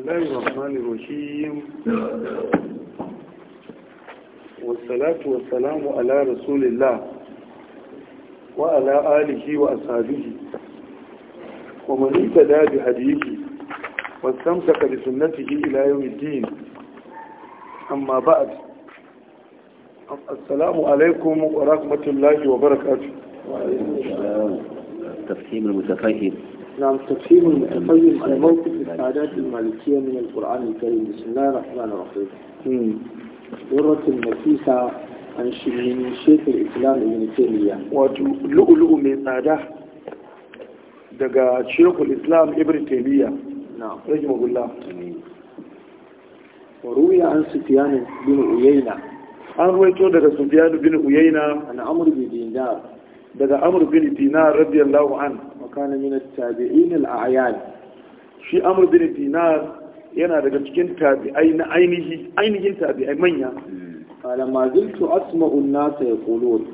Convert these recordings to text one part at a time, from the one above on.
الله الرحمن الرحيم والصلاة والسلام على رسول الله وعلى آله وأصحابه ومن اتدى بهديه واستمسك بسنته إلى يوم الدين أما بعد السلام عليكم ورحمة الله وبركاته وعليكم السلام التفهيم المتفهم نعم تفسير المتقيم على موقف السعادات المالكية من القرآن الكريم بسم الله الرحمن الرحيم ذرة النفيسة عن من شيخ الإسلام ابن تيمية ولؤلؤ من سعادة دقا شيخ الإسلام ابن تيمية نعم رحمه الله وروي عن سفيان بن عيينة an ruwaito daga sufiyanu bin uyayna an amr bin dinar daga amr bin dinar radiyallahu an wa kana min at-tabi'in al-a'yan shi amr bin dinar yana daga cikin tabi'ai na ainihi ainihin tabi'ai manya qala ma ziltu asma'u an-nas yaqulun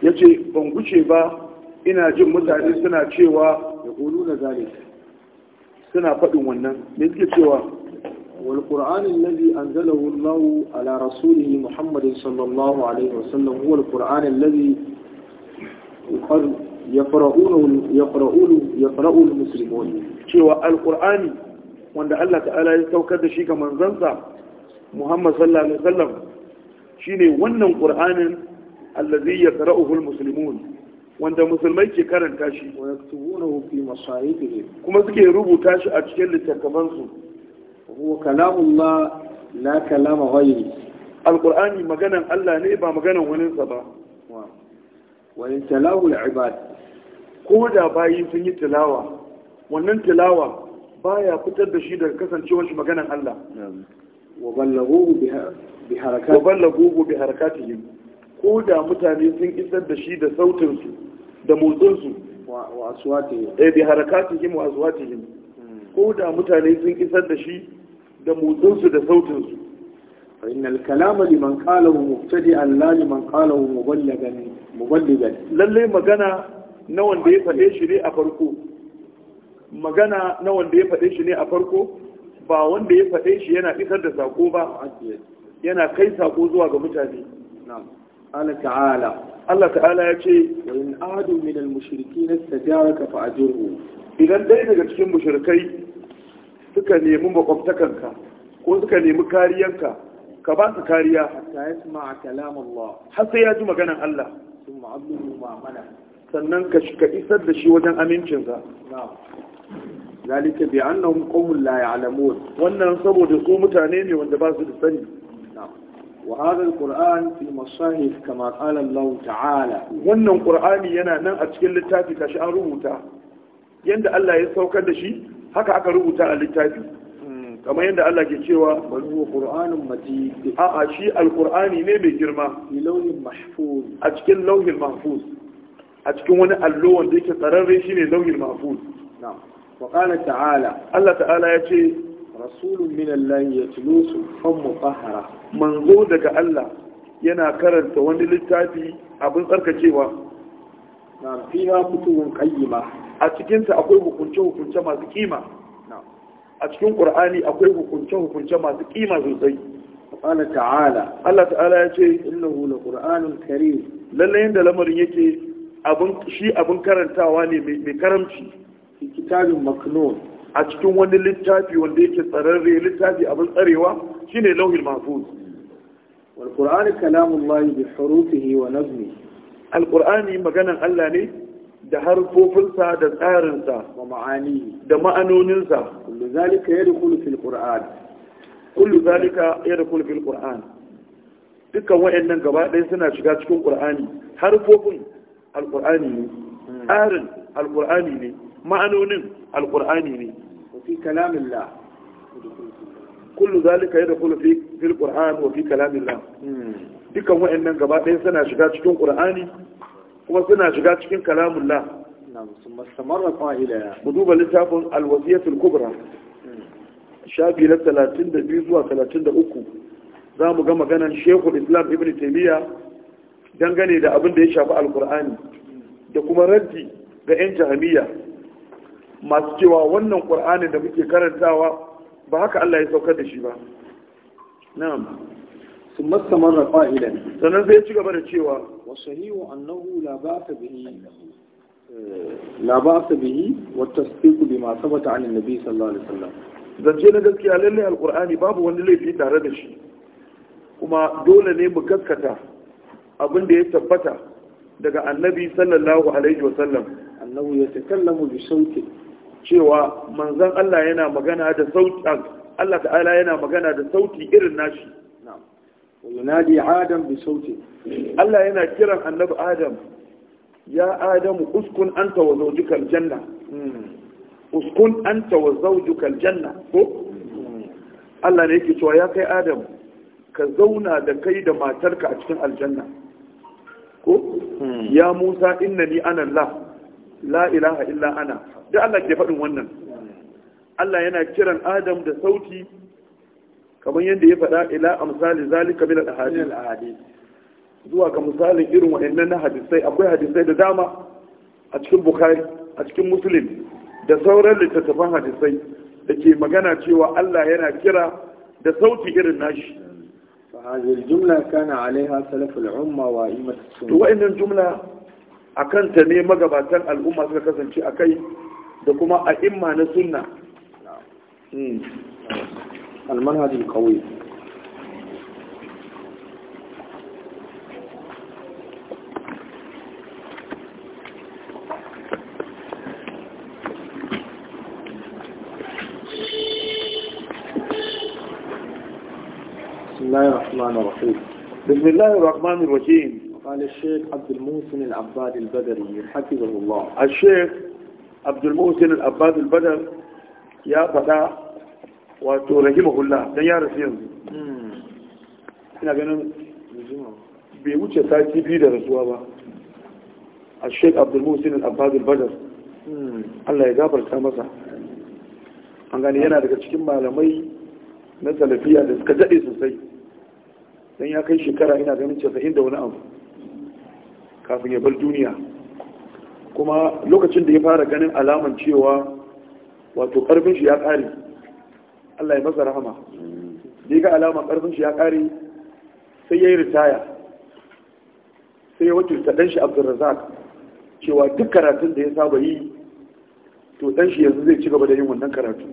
yace ban guce ba ina jin mutane suna cewa yaquluna zalik suna faɗin wannan me suke cewa wal qur'an allazi anzalahu Allah ala rasulihi Muhammadin sallallahu alaihi wasallam huwa al-qur'an allazi yaqra'u al-muslimun cewa alqur'ani wanda Allah ta'ala ya saukar da shi ga manzansa Muhammad sallallahu alaihi wasallam shine wannan qur'anin allazi yaqra'uhu al-muslimun wanda musulmai ke karanta shi wa yaktubunahu fi masahifihim kuma suke rubuta shi a cikin littattafan su huwa kalamullah la kalama ghayri alqur'ani maganan Allah ne ba maganan waninsa ba wani talawul ibad ko da bayi sun yi tilawa wannan tilawa baya fitar da shi daga kasancewar shi maganan Allah wa ballaguhu bi harakatihim ko da mutane sun isar da shi da sautin su da motsin su wa aswatihim eh bi harakatihim wa aswatihim hmm. ko da mutane sun isar da shi da motsin su da sautin su فإن الكلام لمن قاله مبتدئا لا لمن قاله مبلغا مبلغا للي مغانا نوان دي فدي شي ne magana na wanda ya faɗe shi ne a farko ba wanda ya faɗe shi yana isar da sako ba yana kai sako zuwa ga mutane Allah ta'ala ya ce wa in ahadu min al-mushrikeena istajaraka fa ajirhu idan dai daga cikin mushrikai suka nemi makwabtakanka ko suka nemi kariyanka ka ba su kariya hatta ya suma a kalamullah har sai ya ji maganan Allah sun ma'abdu mu'amala sannan ka ka isar da shi wajen amincinsa zalika bi annahum qawmun la ya'lamun wannan saboda su mutane ne wanda ba su da sani wa hadha alquran fi masahif kama qala Allah ta'ala wannan qur'ani yana nan a cikin littafi kashi an rubuta yanda Allah ya saukar da shi haka aka rubuta a littafi kamar yadda Allah ke cewa bal huwa qur'anun majid a a shi alqur'ani ne mai girma fi lauhin mahfuz a cikin lauhin mahfuz a cikin wani allo wanda yake tsararre shine lauhin mahfuz na'am wa qala ta'ala Allah ta'ala ya ce rasulun min Allah yatlu sufan mutahhara manzo daga Allah yana karanta wani littafi abin tsarkakewa na fiha kutubun qayyima a cikinsa akwai hukunce hukunce masu kima a cikin qur'ani akwai hukunce hukunce masu kima sosai Allah ta'ala Allah ta'ala ya ce innahu laqur'anun karim lalle yanda lamarin yake shi abin karantawa ne mai karamci kitabin maknun a cikin wani littafi wanda yake tsararre littafi abin tsarewa shine lauhil mahfuz wal qur'an kalamullahi bi hurufihi wa nazmi al maganan Allah ne da harfofinsa da tsarinsa wa ma'ani da ma'anoninsa kullu zalika yadkhulu fil qur'an kullu zalika yadkhulu fil qur'an dukkan wayannan gaba ɗaya suna shiga cikin qur'ani harfofin alqur'ani ne hmm. tsarin alqur'ani ne ma'anonin alqur'ani ne fi kalamillah kullu zalika ya fi fil qur'an wa fi kalamillah hmm. dukkan wayannan gaba ɗaya suna shiga cikin qur'ani kuma suna shiga cikin kalamullah mu duba littafin alwasiyatul kubra shafi na 32 zuwa 33 za mu ga maganan shekul islam ibn taimiyya dangane da abin da ya shafi alkur'ani da kuma raddi ga 'yan jahamiyya masu cewa wannan ƙur'ani da muke karantawa ba haka Allah ya saukar da shi ba na'am sun da sannan zai ci gaba da cewa وصحيح أنه لا بأس به لا بأس به والتصديق بما ثبت عن النبي صلى الله عليه وسلم zance na gaskiya lallai alkur'ani babu wani laifi tare da shi kuma dole ne mu gaskata abin da ya tabbata daga annabi sallallahu alaihi wasallam annahu ya takallamu bi sauti cewa manzon Allah Allah ta'ala yana magana da sauti irin nashi yunadi adam bi sauti Allah yana kiran annabi adam ya adamu uskun anta wa zawjuka aljanna uskun anta wa zawjuka aljanna ko Allah ne yake cewa ya kai adamu ka zauna da kai da matarka a cikin aljanna ko ya musa innani ana la la ilaha illa ana da Allah ke faɗin wannan Allah yana kiran adam da sauti kamar yadda ya faɗa ila amsali zalika min al-ahadith zuwa ga misalin irin wa'annan na hadisai akwai hadisai da dama a cikin bukhari a cikin muslim da sauran littattafan hadisai da ke magana cewa Allah yana kira da sauti irin nashi jumla فهذه الجملة كان عليها سلف الأمة jumla akan ta ne magabatan تني مغباتا الأمة سكسن da kuma دكما أئمة na نعم المنهج القوي بسم الله الرحمن الرحيم بسم الله الرحمن الرحيم قال الشيخ عبد المحسن العباد البدري حفظه الله الشيخ عبد المحسن العباد البدر يا بدر wato Hula, dan ya rasu yanzu ina ganin bai wuce sati biyu da rasuwa ba a sheik abdulmusin al-abbadul badar allah ya gafarta masa an gani yana daga cikin malamai na salafiya da suka daɗe sosai don ya kai shekara ina ganin casa'in da wani abu kafin ya bar duniya kuma lokacin da ya fara ganin alaman cewa wato karfin shi ya ƙare Allah ya masa rahama da ya ga alama karfin shi ya kare sai ya yi ritaya sai ya wakilta dan shi Abdulrazak cewa duk karatun da ya saba yi to dan yanzu zai ci gaba da yin wannan karatu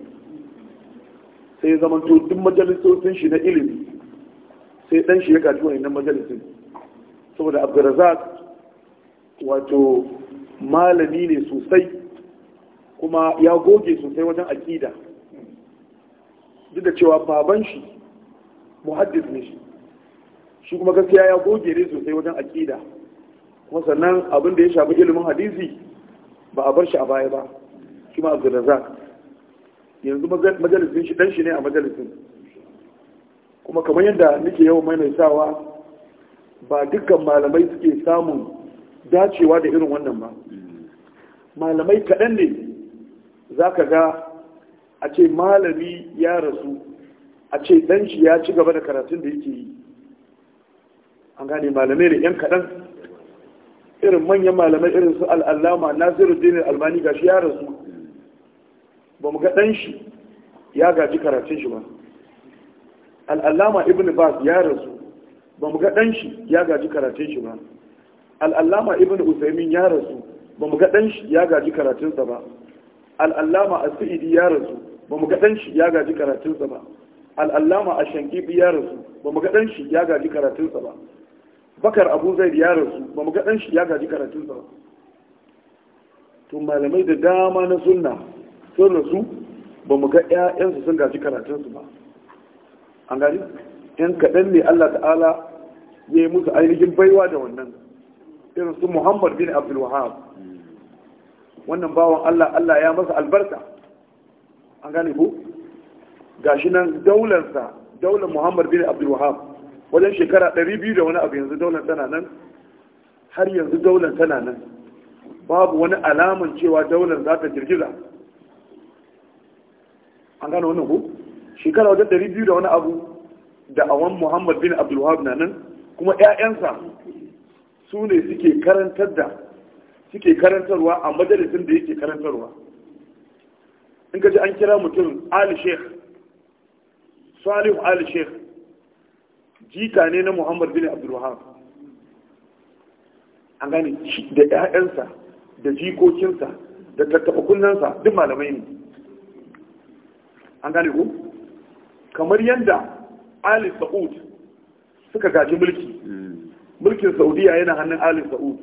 sai ya zamanto duk majalisotin shi na ilimi sai dan shi ya gaji wannan majalisin saboda abdurrazak wato malami ne sosai kuma ya goge sosai wajen aƙida duk da cewa baban shi muhaddis ne shi shi kuma gaskiya ya goge ne sosai wajen aqida kuma sannan abin da ya shafi ilimin hadisi ba a bar shi a baya ba shi ma abdulrazak yanzu majalisin shi dan shi ne a majalisin kuma kamar yadda nake yawan maimaitawa ba dukkan malamai suke samun dacewa da irin wannan ba mm. malamai kaɗan ne za ka ga a ce malami ya rasu a ce dan shi ya ci gaba da karatun da yake yi an gane malamai da yan kaɗan irin manyan malamai irin su al'allama nasiruddin ga gashi ya rasu ba mu ga dan shi ya gaji karatun shi ba al'allama ibn bas ya rasu ba mu ga dan shi ya gaji karatun shi ba al'allama ibn usaimin ya rasu ba mu ga dan shi ya gaji karatunsa ba al'allama asidi ya rasu ba mu gaɗan shi ya gaji karatunsa ba al'allama a shanki ya rasu ba mu gaɗan shi ya gaji karatunsa ba bakar abu zai ya rasu ba mu gaɗan shi ya gaji karatunsa ba Tun malamai da dama na sunna sun rasu ba mu ga 'ya'yansu sun gaji karatunsu ba an gani yan kaɗan ne allah ta'ala ya yi musu ainihin baiwa da wannan irin su muhammad bin abdul wahab wannan bawan allah allah ya masa albarka an gane ko gashi nan daularsa daular muhammad bin abdulwahab wajen shekara 200 da wani abu yanzu daular tana nan har yanzu daular tana nan babu wani alaman cewa daular za ta girgiza an gane wannan ko shekara wajen 200 da wani abu da awan muhammad bin abdulwahab na nan kuma 'ya'yansa su ne suke karantar da suke karantarwa a majalisin da yake karantarwa in ka ji an kira mutum ali sheikh salihu ali sheikh jita ne na muhammad bin abdulwahab an gane da 'ya'yansa da jikokinsa da tattaɓa kunnansa duk malamai ne an gane ku kamar yadda ali sa'ud suka gaji mulki mulkin saudiya yana hannun ali sa'ud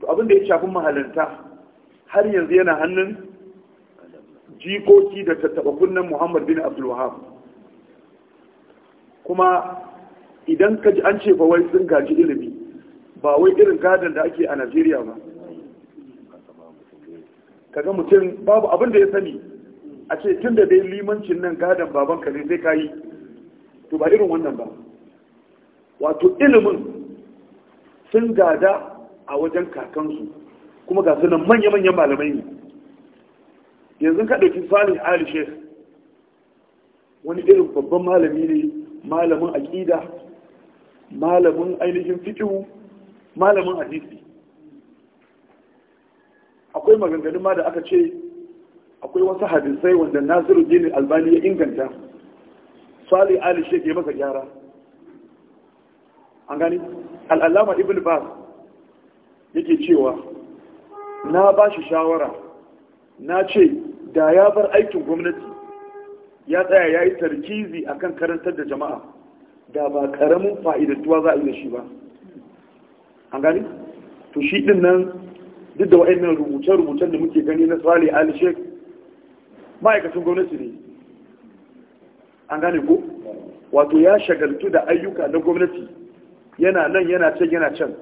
to abin da ya shafi mahalinta har yanzu yana hannun jikoki da tattaba kunnen muhammad bin abdulwahab kuma idan ka ji an ce fa wai sun gaji ilimi ba wai irin gadon da ake a najeriya ba kaga mutum babu abin da ya sani a ce tun da dai limancin nan gadon babanka ne zai ka yi to ba irin wannan ba wato ilimin sun gada a wajen kakansu kuma ga sunan manya-manyan malamai ne yanzu ka ɗauki salih ali shek wani irin babban malami ne malamin aƙida malamin ainihin fikihu malamin hadisi akwai maganganun ma da aka ce akwai wasu hadisai wanda nasiru jini albani ya inganta salih ali shek ya masa gyara an gani al'allama ibn bas yake cewa na ba shi shawara na ce da ya bar aikin gwamnati ya tsaya ya yi tarkizi a kan karantar da jama'a da ba karamin fa’idattuwa za a yi da shi ba an gani to shi din nan duk da nan rubuce-rubucen da muke gani na tsali alishek, ma'aikacin gwamnati ne an gane ko wato ya shagaltu da ayyuka na gwamnati yana nan yana can yana can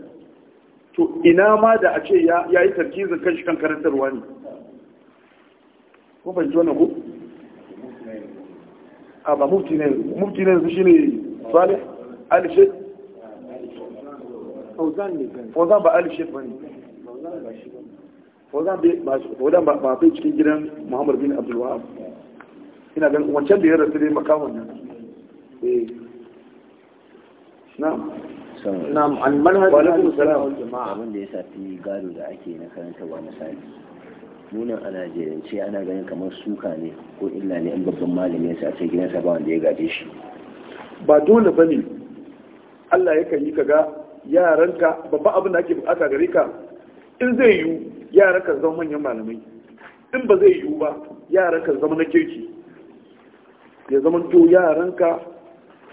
to ina ma da a ce ya yi tarkizin kan shi kan karantarwa ne kun fahimci wannan ko? a ba mufti ne mufti ne yanzu shi ne salih alishid fauzan ba alishid ba ne fauzan ba ba cikin gidan muhammad bin abdulwahab ina ganin wancan da ya rasu ne makawan nan eh. na'am an manhajin ya safi gado da ake na karanta wa misali munan a najeriyance ana ganin kamar suka ne ko illa ne in babban malami ya sace gidansa ba wanda ya gaje shi ba dole bane Allah yakan yi ga yaranka babba abin da ake buƙata gare ka in zai yiwu yaran kan zama manyan malamai in ba zai yiwu ba yaran kan zama na kirki ya zama to yaranka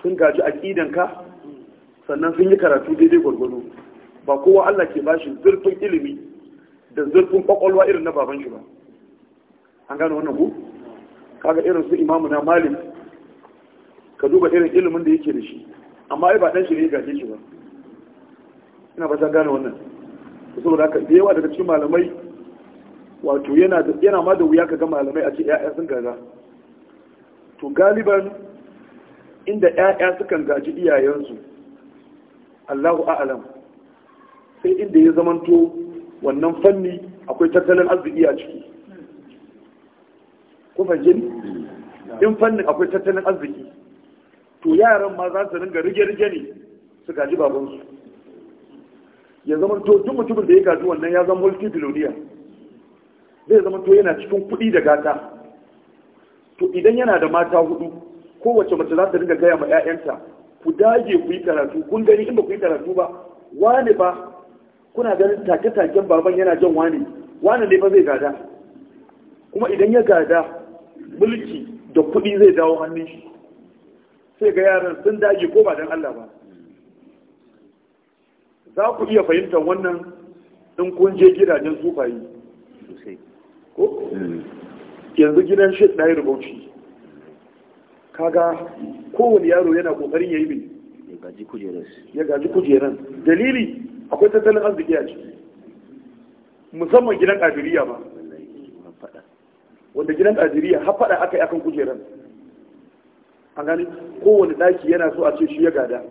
sun gaji aqidanka sannan sun yi karatu daidai gwargwado ba kowa Allah ke bashi zurfin ilimi da zurfin kwakwalwa irin na baban shi ba an gano wannan ku kaga irin su imamu na malin ka duba irin ilimin da yake da shi amma ai ba dan shi ne gaje shi ba ina ba san gane wannan saboda haka da yawa daga cikin malamai wato yana yana ma da wuya ka ga malamai a ce ƴaƴa sun gaza to galiban inda ƴaƴa sukan gaji iyayensu Allahu a'lam sai inda ya zamanto wannan fanni akwai tattalin arziki a ciki ko fahimce hmm. in fannin akwai tattalin arziki to yaran ma za su ringa rige-rige ne su gaji babansu ya zama to duk mutumin da ya gaji wannan ya zama multi-billionaire zai zama to yana cikin kuɗi da gata to idan yana da mata hudu kowace mace za ta ringa gaya ma 'ya'yanta ku dage ku yi karatu kun gani in ba ku yi karatu ba wani ba kuna ganin take-taken baban yana jan wani wani ne ba zai gada kuma idan ya gada mulki da kuɗi zai dawo hannun shi sai ga yaran sun dage ko ba dan Allah ba za ku iya fahimtar wannan in kun je gidajen sufayi ko yanzu gidan shi ɗaya rubauci kaga kowane yaro yana ƙoƙarin ya yi ya gaji kujeran dalili akwai tattalin arziki a ciki musamman gidan ƙadiriya ba wanda gidan ƙadiriya har faɗa aka yi akan kujeran an gani kowane ɗaki yana so a ce shi ya gada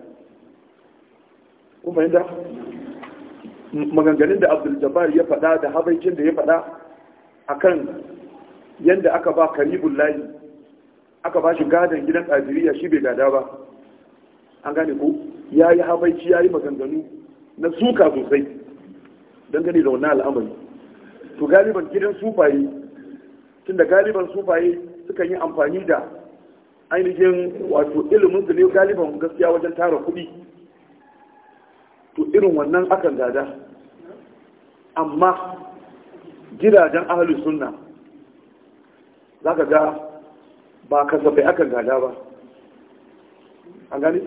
kuma yadda maganganun da abdul jabbar ya faɗa da habaicin da ya faɗa kan yadda aka ba karibun layi aka ba shi gadon gidan ƙadiriya shi bai gada ba an gane ko ya yi habaici ya yi maganganu na suka sosai don gani da wani al'amari to galiban gidan sufaye tunda galiban sufaye suka yi amfani da ainihin wato ilimin su ne galiban gaskiya wajen tara kuɗi to irin wannan akan gada amma gidajen ahalus sunna za ka ga ba kasafai akan gada ba an gani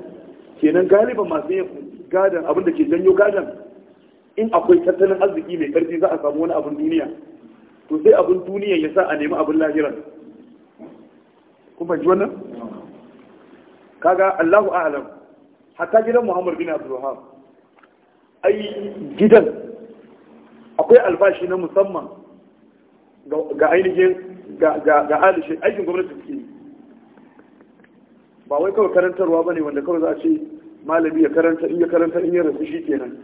kenan galiban masu yin gadan abin da ke janyo gadon, in akwai tattalin arziki mai karfi za a samu wani abin duniya to sai abin duniya ya sa a nemi abin lahiran kun ji wannan kaga Allahu a'lam hatta gidan Muhammad bin Abdul ai gidan akwai albashi na musamman ga ainihin ga alishin aikin gwamnati suke ba wai kawai karantarwa ba ne wanda kawai za a ce malami ya karanta in ya karanta in ya rasu shi kenan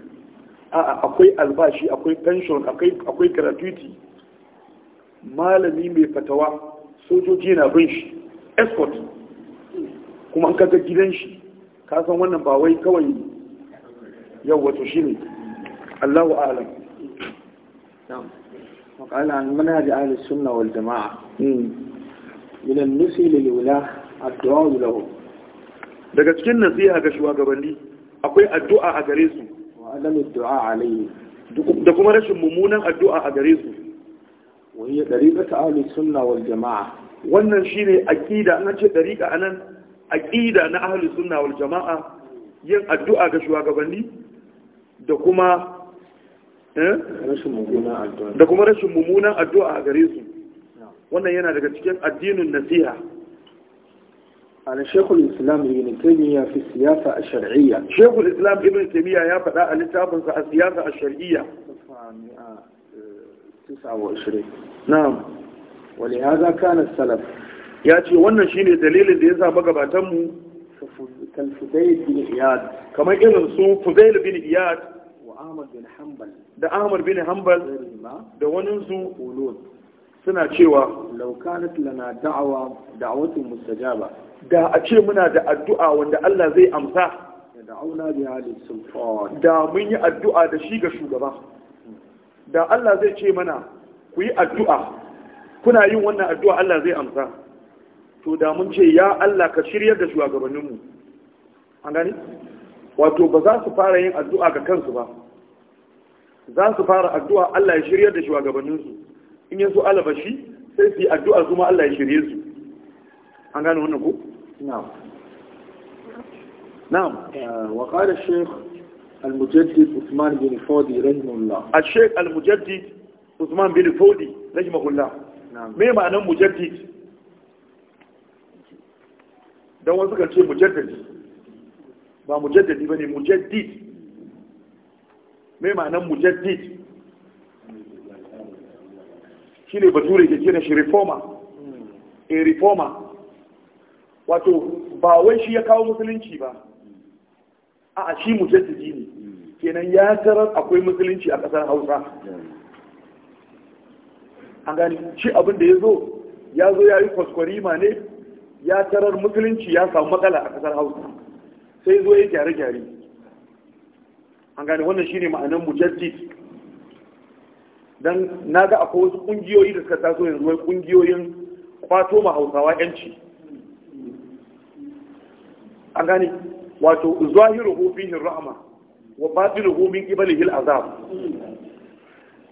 a'a akwai albashi akwai pension akwai akwai gratuity malami mai fatawa sojoji na bin shi escort kuma an kaga gidan shi ka san wannan ba wai kawai yau wato shine Allahu a'lam وقال عن منهج أهل السنة والجماعة من النسي للولاة الدعاء لهم daga cikin nasiha ga shugabanni akwai addu'a a gare su da kuma rashin mummunan addu'a a gare su wani ɗariƙa ta ahli sunna wal jama'a wannan shine aqida an ce dariƙa nan aƙida na ahli sunna wal jama'a yin addu'a ga shugabanni da kuma eh? da kuma rashin mummunan addu'a a gare su wannan yana daga cikin addinin nasiha على شيخ الإسلام ابن تيمية في السياسة الشرعية شيخ الإسلام ابن تيمية يا a الإسلام في السياسة الشرعية 29 نعم ولهذا كان السلف ya ce wannan shine dalilin da ya sa magabatanmu kamar irin su fudail bin iyad da ahmad bin Hambal. hanbal da waninsu suna cewa laukanat na da'awa da'awatun mustajaba da a ce muna da addu'a wanda Allah zai amsa da mun yi addu'a da shi ga shugaba da Allah zai ce mana ku yi addu'a kuna yin wannan addu'a Allah zai amsa to da mun ce ya Allah ka shiryar da shugabanninmu an gani wato ba za su fara yin addu'a ga kansu ba za su fara addu'a Allah ya shiryar da shugabanninsu in yanzu alabashi sai su yi addu'a kuma Allah ya shirye su an gane wannan ku? na'am eh, wa kada sheik al-mujaddid Usman bin Fodi rahimahullah a sheik al-mujaddid Usman bin Fodi rahimahullah me ma'anar mujaddid don wasu kan ce mujaddadi ba mujaddadi ne mujaddid me ma'anar mujaddid shine bature ke ce na shi reformer a hmm. eh, reformer wato ba wai shi ya kawo musulunci ba a shi mujaddidi ne kenan ya tarar akwai musulunci a ƙasar hausa an gani shi abin da ya zo ya zo ya yi kwaskwarima ne ya tarar musulunci ya samu matsala a ƙasar hausa sai zo ya gyare-gyare an gani wannan shi ne ma'anar mujaddid don na ga akwai wasu ƙungiyoyi da suka taso yanzu wai ƙungiyoyin kwato ma hausawa 'yanci an gane wato zahiruhu fihi rahma wa batinuhu min qibalihi azab,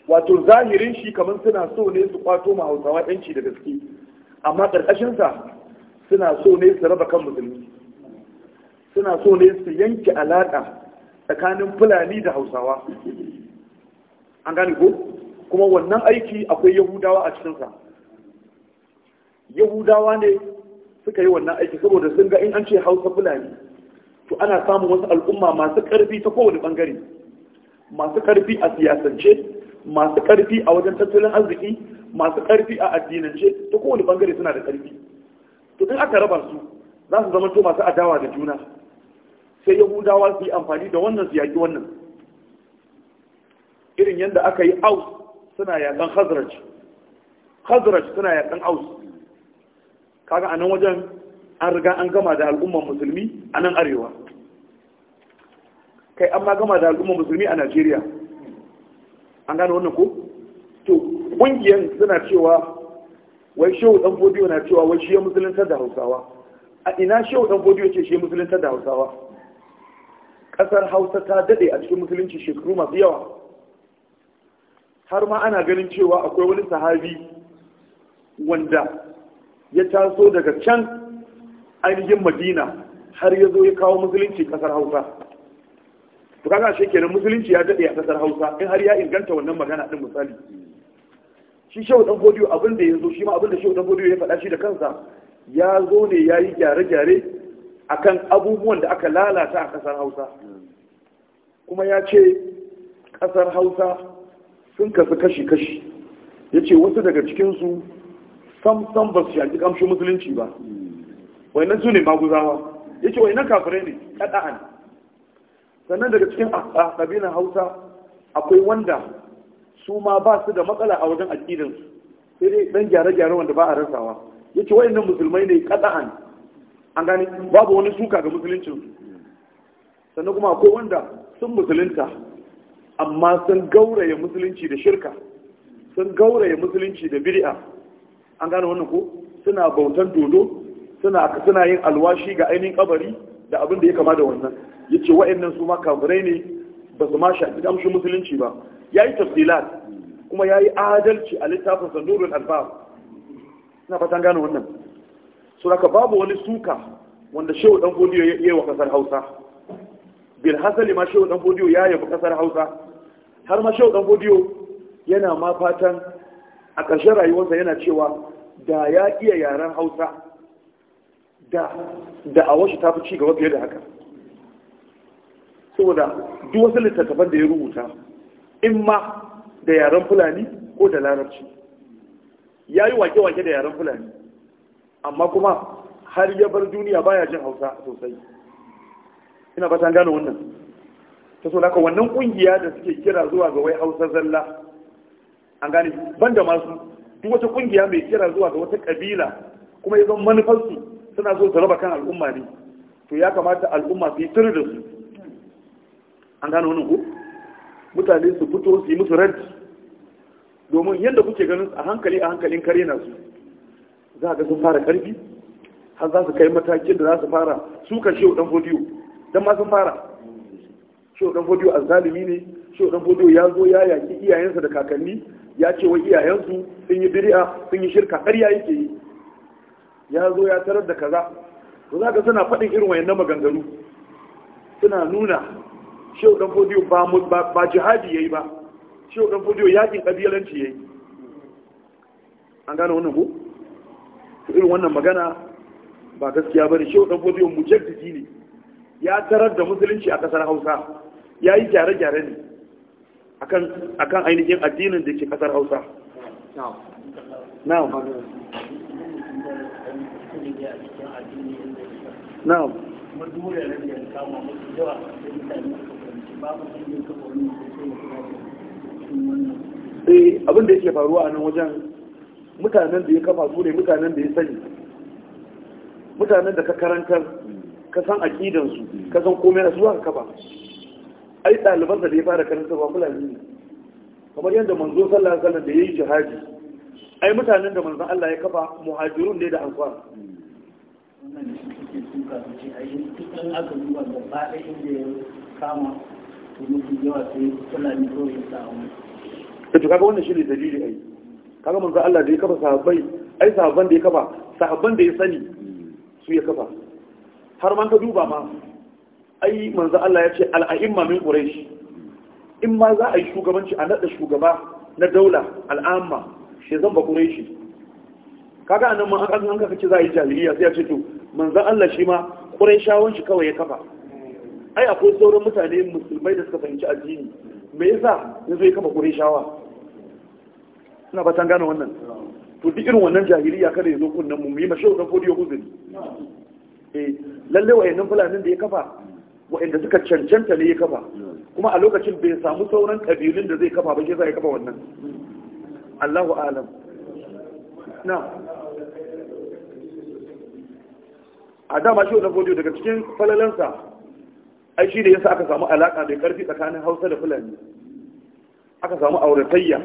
wato zahirin shi kamar suna so ne su kwato ma Hausawa yanci da gaske amma ƙarƙashinsa suna so ne su raba kan musulmi suna so ne su yanke alaka tsakanin fulani da Hausawa an gane ko kuma wannan aiki akwai Yahudawa a cikinsa, Yahudawa ne suka yi wannan aiki saboda sun ga in an ce hausa fulani to ana samun wasu al'umma masu karfi ta kowane bangare masu karfi a siyasance masu karfi a wajen tattalin arziki masu karfi a addinance ta kowane bangare suna da karfi to in aka raba su za su zama to masu adawa da juna sai yahudawa su yi amfani da wannan su yaki wannan irin yadda aka yi aus suna yakan hazraj hazraj suna yakan aus kaga a nan wajen an riga an gama da al'umman musulmi a nan arewa kai an ma gama da al'umman musulmi a najeriya an gane wannan ko to ƙungiyar suna cewa wai shehu dan fodiyo na cewa wai shi ya musuluntar da hausawa a ina shehu dan fodiyo ce shi ya musuluntar da hausawa ƙasar hausa ta daɗe a cikin musulunci shekaru masu yawa har ma ana ganin cewa akwai wani sahabi wanda ya taso daga can ainihin madina har ya zo ya kawo musulunci kasar hausa to kaga shi kenan musulunci ya daɗe a kasar hausa in har ya inganta wannan magana ɗin misali shi shehu dan godiyo abin ya zo shi ma abin da shehu dan ya faɗa shi da kansa ya zo ne ya yi gyare-gyare akan abubuwan da aka lalata a kasar hausa kuma ya ce kasar hausa sun kasu kashi-kashi ya ce wasu daga cikinsu sam sam ba su shaƙi kamshin musulunci ba nan su ne maguzawa ya ce wai nan kafirai ne kaɗa'an sannan daga cikin ƙabilan hausa akwai wanda su ma ba su da matsala a wajen aƙidansu sai dai ɗan gyare-gyare wanda ba a rasawa ya ce wai nan musulmai ne kaɗa'an an gani babu wani suka ga musuluncinsu sannan kuma akwai wanda sun musulunta amma sun gauraya musulunci da shirka sun gauraya musulunci da bid'a an gane wannan ko suna bautan dodo suna suna yin alwashi ga ainihin kabari da abin da ya kama da wannan yace wa'annan su ma kafirai ne ba su ma da mushi musulunci ba yayi tafsilat kuma yayi adalci a littafin sandurul albab ina fatan gane wannan suraka babu wani suka wanda shehu dan godiyo ya yi wa kasar Hausa bil hasali ma shehu dan godiyo ya yi wa kasar Hausa har ma shehu dan godiyo yana ma fatan a ƙarshen rayuwarsa yana cewa da ya iya yaren hausa da da a ta fi ci gaba fiye da haka saboda duk wasu littattafan da ya rubuta in ma da yaren fulani ko da larabci ya yi wake-wake da yaren fulani amma kuma har ya bar duniya baya jin hausa sosai ina ba ta gano wannan ta so naka wannan kungiya da suke kira zuwa ga wai hausa zalla an gane ban masu duk wata kungiya mai kira zuwa ga wata kabila kuma ya zama manufarsu suna zo da raba kan al'umma ne to ya kamata al'umma su yi tuni da su an gano wani ku mutane su fito su yi musu rant domin yadda kuke ganin a hankali a hankalin kare na su za ga sun fara karfi har za su kai matakin da za su fara suka shi dan fodiyo dan ma sun fara shi dan fodiyo azzalimi ne shi dan fodiyo ya zo ya yaki iyayensa da kakanni ya ce wa iyayensu sun yi biri'a sun yi shirka ƙarya yake yi ya zo ya tarar da kaza to za ka suna faɗin irin na maganganu suna nuna shehu ɗan fodiyo ba jihadi ya yi ba shehu ɗan fodiyo yakin ƙabilanci ya yi an gane wannan ko irin wannan magana ba gaskiya ba ne shehu ɗan fodiyo mujaddidi ne ya tarar da musulunci a ƙasar hausa ya yi gyare-gyare ne akan ainihin addinin da ke kasar hausa na'am na'am eh abinda yake faruwa a nan wajen mutanen da ya kafa su ne mutanen da ya sani mutanen da ka karantar ka san akidansu ka san komai na su ka kafa ai ɗalibansa da ya fara karanta ba fulani ne kamar yadda manzo sallallahu alaihi wasallam da yayi jihadi ai mutanen da manzon Allah ya kafa muhajirun ne da ansar wannan shi suka su ce ai duk an aka duba da ɗaya inda ya kama to mutum yawa sai fulani ko ya da eh, to kaga wannan shi ne dalili ai kaga manzon Allah da ya kafa sahabbai ai sahabban da ya kafa sahabban da ya sani su ya kafa har man ka duba ma ai manzo Allah ya ce al'a'imma min quraish in ma za a yi shugabanci a nada shugaba na daula al'amma shi zan ba quraishi kaga anan ma an an kace za a yi jahiliya sai ya ce to manzo Allah shi ma quraishawan shi kawai ya kafa ai akwai sauran mutane musulmai da suka fahimci addini me yasa yanzu ya kafa quraishawa ina ba tan gane wannan to duk irin wannan jahiliya kada ya zo kunnan mu mu yi mashauran wannan fodiyo uzuri eh lalle wayannan fulanin da ya kafa wa'inda suka cancanta ne ya kafa hmm. kuma a lokacin bai samu sauran ƙabilun da zai kafa ba shi zai kafa wannan Allahu alam na a dama shi wannan godiyo daga cikin falalansa ai shi ne yasa aka samu alaka mai ƙarfi tsakanin Hausa da Fulani aka samu auratayya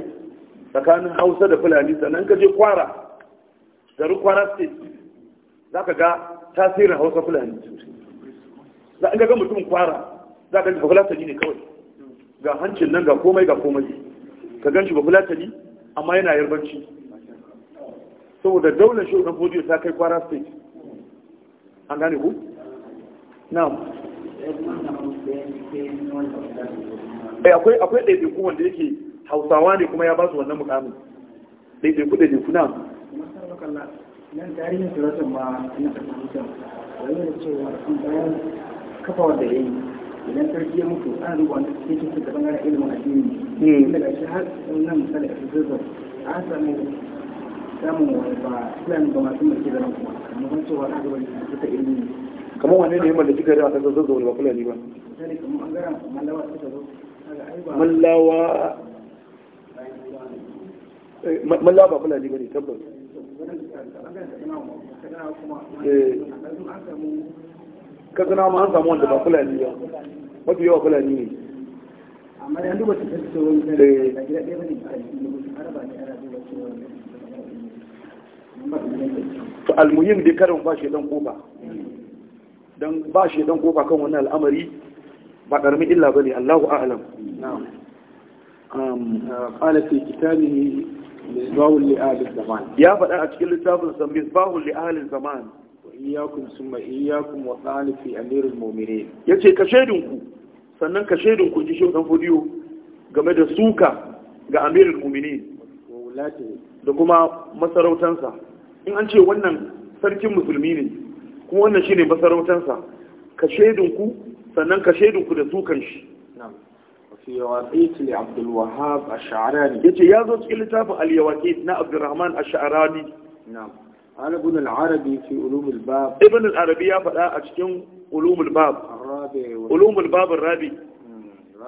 tsakanin Hausa da Fulani sannan ka je kwara garin kwara state ka ga tasirin Hausa Fulani sosai da an ga mutum kwara za ka ga fulatani ne kawai ga hancin nan ga komai ga komai ka gan shi ba fulatani amma yana yarbanci saboda daular shi na bodiyo ta kai kwara state an gane ku? na'am eh, akwai akwai ɗaiɗaiku wanda yake hausawa ne kuma ya ba su wannan mukamin ɗaiɗaiku ɗaiɗaiku na nan tarihin suratun ma na ƙasar hutun da cewa an bayan kafa wanda ya yi idan sarki ya mutu ana duba wanda suke cikin da bangaren ilimin addini hmm. daga shi har nan misali a cikin zuwa an samu samun ba fulani ba masu mulki da nan kuma amma ban cewa ana duba suka ilimi kamar wane ne yamma da kika da aka zazzau da ba fulani ba misali kamar an bangaren mallawa suka zo mallawa eh, mallawa ba fulani ba ne tabbas. Eh. katsina ma an samu wanda ba fulani ba mafi yawa fulani ne ba su wani to almuhim dai karin ba shedan kofa dan ba shedan kofa kan wannan al'amari ba karamin illa bane Allahu a'lam na'am qala fi kitabihi misbahul li ahli zaman ya faɗa a cikin littafin sa misbahul li ahli zaman iyakum summa iyakum wa talifi amirul mu'minin yace ka shaidinku sannan ka shaidinku ji shehu dan fodiyo game da suka ga amirul mu'minin da kuma masarautansa in an ce wannan sarkin musulmi ne kuma wannan shine masarautansa ka shaidinku sannan ka shaidinku da sukan shi في يواقيت لعبد الوهاب الشعراني يجي يازو تقول تابع اليواقيت نا عبد الرحمن الشعراني نعم عن ابن العربي في a cikin علوم الباب علوم الباب الرابع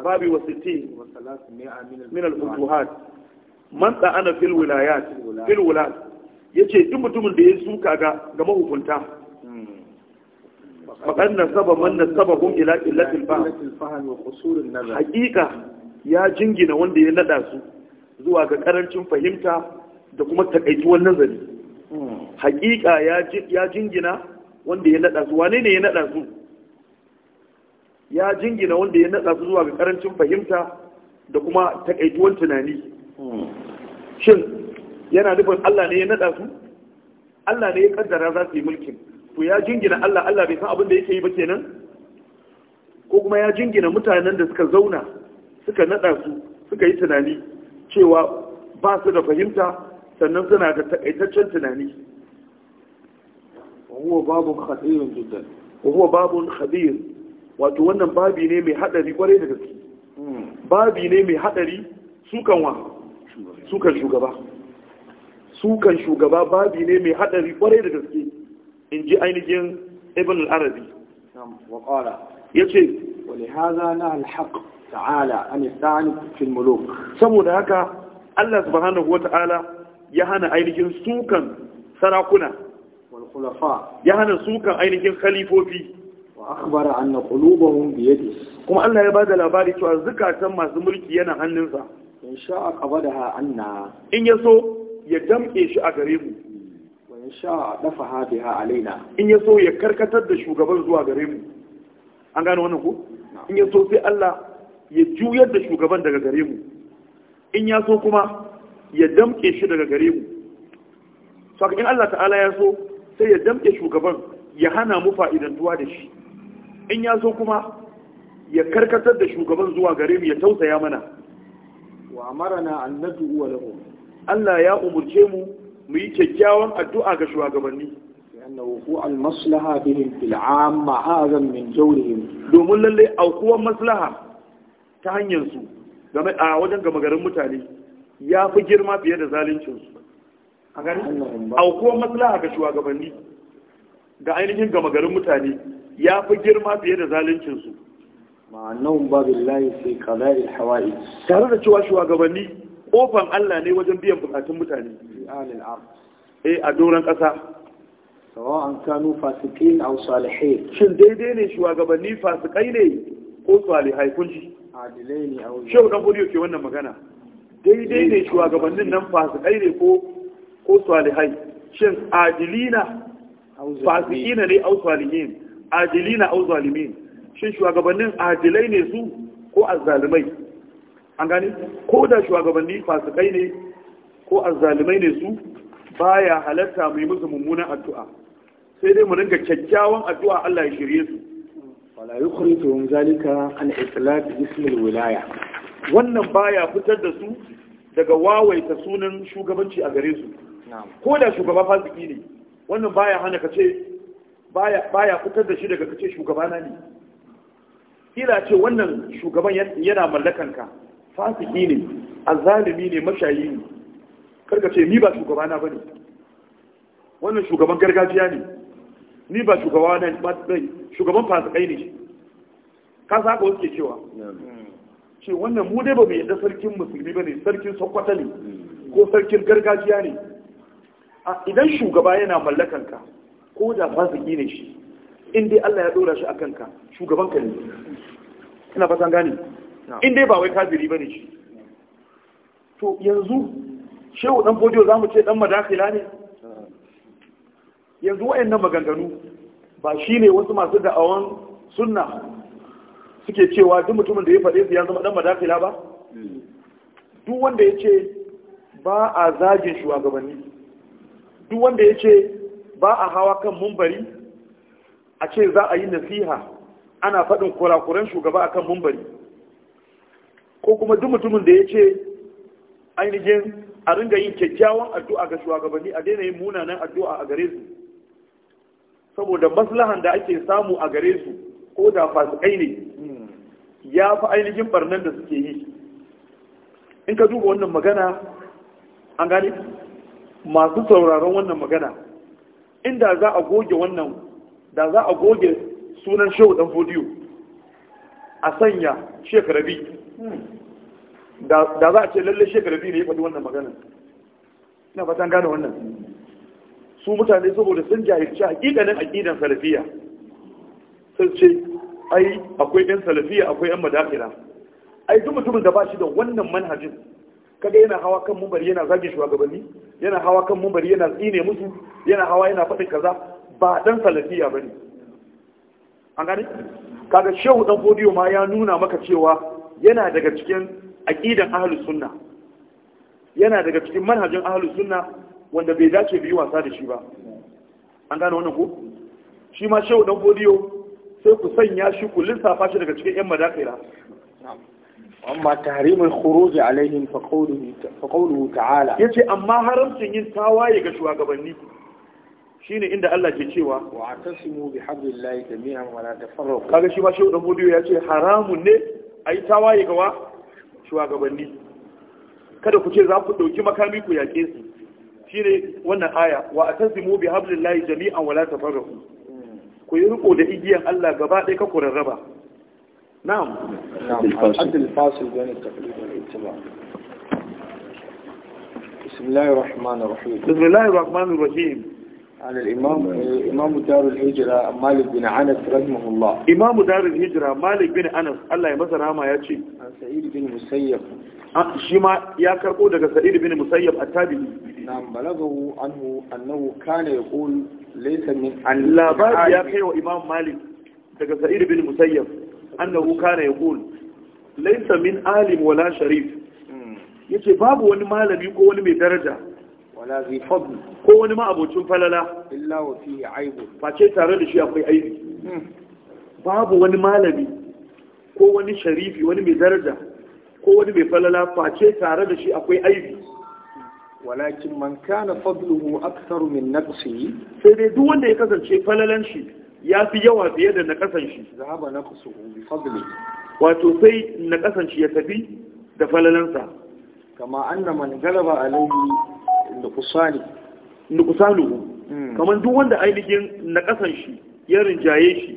باب وستين من الفتوحات من أنا yace duk mutumin da ya suka ga ga mahukunta faɗan na man na saba kun ila illatil ba hakika ya jingina wanda ya naɗa su zuwa ga ƙarancin fahimta da kuma takaituwar nazari hakika ya jingina wanda ya nada su wane ne ya nada su ya jingina wanda ya nada su zuwa ga karancin fahimta da kuma takaituwan tunani shin yana nufin Allah ne ya nada su Allah ne ya kaddara za su yi mulkin to ya jingina Allah Allah bai san abin da yake yi ba kenan ko kuma ya jingina mutanen da suka zauna suka nada su suka yi tunani cewa ba su da fahimta sannan suna da takaitaccen tunani huwa babun khadirin jiddan huwa babun khadir wato wannan babi ne mai hadari kwarai da gaske hmm. babi ne mai hadari sukan wa sukan shugaba sukan shugaba babi ne mai hadari kwarai da gaske in ji ainihin ibn al-arabi ya ce wani haza na alhaq ta'ala an yi fi muluk saboda haka allah subhanahu wa ta'ala ya hana ainihin sukan sarakuna ya hana sukan ainihin khalifofi wa akhbara anna qulubuhum bi yadihi kuma Allah ya bada labari cewa zukatan masu mulki yana hannunsa in kaba qabadaha anna in yaso ya damke shi a gare mu wa in sha'a dafa biha alaina in yaso ya karkatar da shugaban zuwa gare mu an gane wannan ko in yaso sai Allah ya juyar da shugaban daga gare mu in yaso kuma ya damke shi daga gare mu saka in Allah ta'ala ya so sai ya damke shugaban ya hana mu fa'idantuwa da shi in ya so kuma ya karkatar da shugaban zuwa gare mu ya tausaya mana wa amarna an nad'u lahu Allah ya umurce mu mu yi kyakkyawan addu'a ga shugabanni لأن وقوع bihim fil amma العامة min jawrihim Domin lalle aukuwan maslaha ta hanyar su game a wajen gama garin mutane ya fi girma fiye da zaluncinsu a gani auko maslaha ga shugabanni ga ainihin gama garin mutane ya fi girma fiye da zaluncinsu ma'annahum babin layi sai kala'il hawa'i tare da cewa shugabanni kofan Allah ne wajen biyan bukatun mutane eh a doron ƙasa an kanu fasikin aw salihin shin daidai ne shugabanni fasikai ne ko salihai kunji ji adilai ne a ke wannan magana daidai ne shugabannin nan fasikai ne ko ko salihai shin adilina fasikina ne au salihin adilina au zalimin shin shugabannin adilai ne su ko azzalimai an gani ko da shugabanni fasikai ne ko azzalimai ne su baya halatta mai musu mummunan addu'a sai dai mu ringa kyakkyawan addu'a Allah ya shirye su wala yukhrijuhum zalika an itlaq ism wilaya wannan baya fitar da su daga wawaita sunan shugabanci a gare su ko da shugaba fasiki ne wannan baya hana ka ce baya fitar da shi daga ka ce shugabana ne ila ce wannan shugaban yana mallakan ka fasiki ne azalimi ne mashayi ne karka ce ni ba shugabana ba ne. wannan shugaban gargajiya ne ni ba shugabana ba shugaban fasikai ne ka saka wasu ke cewa ce wannan mu dai ba mu yadda sarkin musulmi ba ne sarkin sokwata ne ko sarkin gargajiya ne A idan shugaba yana mallakanka ko da fasiki ne shi in dai Allah ya dora shi a kanka shugaban ka ne ina fatan gane in dai ba wai kafiri bane shi to yanzu shehu dan bodiyo zamu ce dan madakila ne yanzu wayannan maganganu ba shine wasu masu da'awan sunna suke cewa duk mutumin da ya faɗe su ya zama ɗan madafila ba duk wanda ya ce ba a zagin shugabanni duk wanda ya ce ba a hawa kan mumbari a ce za a yi nasiha ana faɗin kurakuran shugaba a kan mumbari ko kuma duk mutumin da ya ce ainihin a ringa yin kyakkyawan addu'a ga shugabanni a daina yin munanan addu'a a gare su saboda maslahan da ake samu a gare su ko da fasikai ne ya fi ainihin barnan da suke yi in ka duba wannan magana an gani masu sauraron wannan magana inda za a goge wannan da za a goge sunan shehu dan fodiyo a sanya shekarabi da za a ce lalle shekarabi ne ya faɗi wannan magana ina fatan gane wannan su mutane saboda sun jahilci a ƙidan salafiya sai ce ai akwai yan salafiya akwai yan madakira ai duk mutumin da ba shi da wannan manhajin kaga yana hawa kan mumbari yana zage shugabanni yana hawa kan mumbari yana tsine musu yana hawa yana faɗin kaza ba dan salafiya bane an gani kaga shehu dan godiyo ma ya nuna maka cewa yana daga cikin aqidan ahlus sunna yana daga cikin manhajin ahlus sunna wanda bai dace bi wasa da shi ba an gane wannan ko shi ma shehu dan godiyo. sai ku sanya shi ku lissafa shi daga cikin yan madakaira amma tahrimul khuruj alaihim fa qawluhu ta'ala yace amma haramcin yin tawaye ga shugabanni shine inda Allah ke cewa wa atasimu bi hablillahi jami'an wa la tafarraqu kaga shi ba shi dan bodiyo yace haramun ne ayi tawaye ga wa shugabanni kada ku ce za ku dauki makami ku yake su shine wannan aya wa atasimu bi hablillahi jami'an wa la tafarraqu ku yi riko da igiyan Allah gaba ɗaya ka ku rarraba na'am abdul fasil gani taqlid wal ittiba bismillahir rahmanir rahim bismillahir rahmanir rahim على الإمام إمام دار الهجرة مالك بن أنس رحمه الله إمام دار الهجرة مالك بن أنس الله يمسر ما يأتي عن سعيد بن مسيب شما يكرقو دك سعيد بن مسيب التابعي نعم بلغه عنه أنه كان يقول labari ya kai wa imam malik daga sa'id bin Musayyaf, annahu kana yaqul laysa min alim wala sharif hmm. yace babu wani malami ko wani mai daraja wala zai fadl ko wani ma abocin falala illa wa fi aibu face tare da shi akwai aibi hmm. babu wani malami ko wani sharifi wani mai daraja ko wani mai falala face tare da shi akwai aibi walakin man kana fadluhu aktharu min naqsihi sai dai duk wanda ya kasance falalan shi ya fi yawa fiye da naqasan shi zahaba naqsuhu bi fadli wato sai na naqasan shi ya tafi da falalansa kama anna man galaba alayhi nuqsani nuqsanuhu hmm. kaman duk wanda ainihin na naqasan shi ya rinjaye shi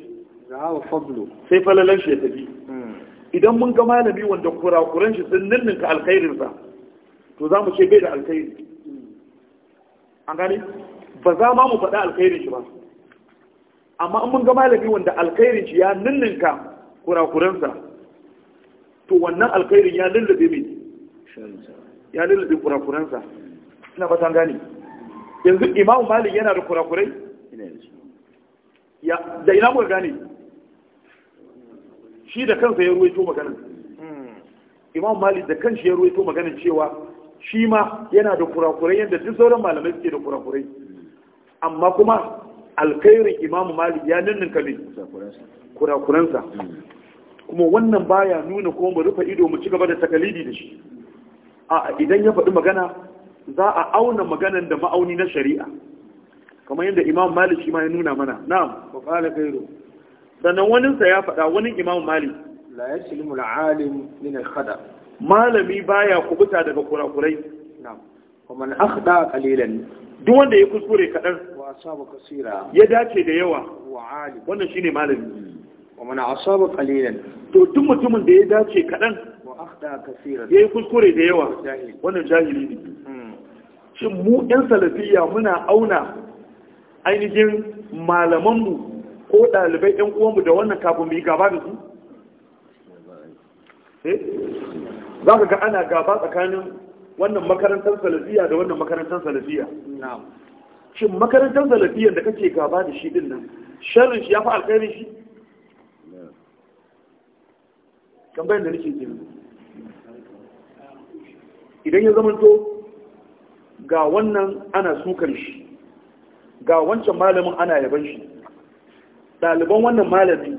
zahaba fadlu sai falalan shi ya tafi hmm. idan mun ga malami wanda kurakuran shi sun ninninka alkhairinsa to za mu ce bai da alkhairi an gane ba za ma mu faɗa alkhairin shi ba amma an mun ga malami wanda alkhairin shi ya ninninka kurakuransa to wannan alkhairin ya lullube mai ya lullube kurakuransa ina ta gane yanzu imam malik yana da kurakurai da ina mu gane shi da kansa ya ruwaito maganin hmm. imam malik da shi ya ruwaito maganin cewa shi ma yana da kurakurai yadda duk sauran malamai suke da kurakurai amma kuma alkhairin imamu malik ya ninninka ne kurakuransa kuma wannan baya nuna ko mu rufe ido mu ci gaba da takalidi da shi a idan ya faɗi magana za a auna maganan da ma'auni na shari'a kamar yadda imam malik shi ma ya nuna mana na'am wa qala khairu sannan waninsa ya faɗa wani imam malik la yaslimu al'alim min al-khada' malami baya kubuta daga kurakurai na akhda قليلا duk wanda ya kuskure kaɗan ya dace da yawa wannan shine malami kuma na asaba qalilan to duk mutumin da ya dace kaɗan ya yi kuskure da yawa wannan jahili ne hmm. shin mu ɗan salafiya muna auna ainihin malamanmu ko ɗalibai ɗan uwanmu da wannan kafin mu yi gaba da su eh? za ka ga ana gaba tsakanin wannan makarantar salafiya da wannan makarantar salafiya shin makarantar salafiyar da kake gaba da shi din nan sharrin shi ya fi alkhairin shi kan bayan da nake ke idan ya zamanto ga wannan ana sukar shi ga wancan malamin ana yaban shi ɗaliban wannan malami